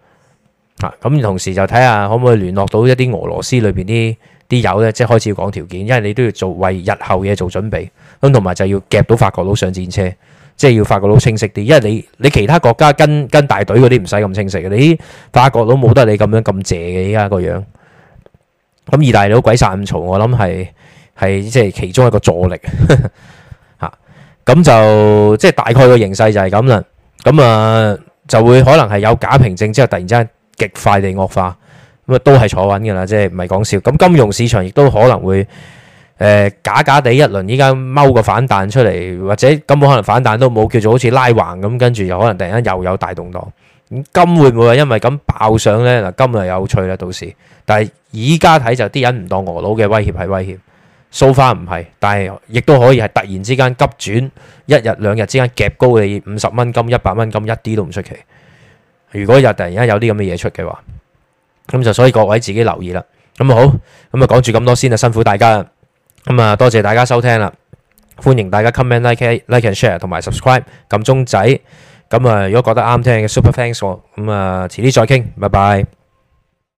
啊，咁同時就睇下可唔可以聯絡到一啲俄羅斯裏邊啲啲友咧，即係開始要講條件，因為你都要做為日後嘢做準備。咁同埋就要夾到法國佬上戰車，即係要法國佬清晰啲。因為你你其他國家跟跟大隊嗰啲唔使咁清晰嘅，你法國佬冇得你咁樣咁斜嘅依家個樣。咁意、嗯、大利佬鬼殺咁嘈，我諗係係即係其中一個助力嚇 咁就即係大概個形勢就係咁啦。咁啊就會可能係有假平靜之後，突然之間極快地惡化咁啊，都係坐穩㗎啦，即係唔係講笑咁。金融市場亦都可能會誒、呃、假假地一輪，依家踎個反彈出嚟，或者根本可能反彈都冇叫做好似拉橫咁，跟住又可能突然間又有大動盪咁，金會唔會因為咁爆上呢？嗱？金啊有趣啦，到時但係依家睇就啲人唔當俄佬嘅威脅係威脅。So far 唔係，但係亦都可以係突然之間急轉，一日兩日之間夾高你五十蚊金、一百蚊金，一啲都唔出奇。如果日突然間有啲咁嘅嘢出嘅話，咁就所以各位自己留意啦。咁啊好，咁啊講住咁多先啊，辛苦大家啦。咁啊多謝大家收聽啦，歡迎大家 comment like like and share 同埋 subscribe 撳鐘仔。咁啊，如果覺得啱聽嘅 super thanks 我。咁啊，遲啲再傾拜拜。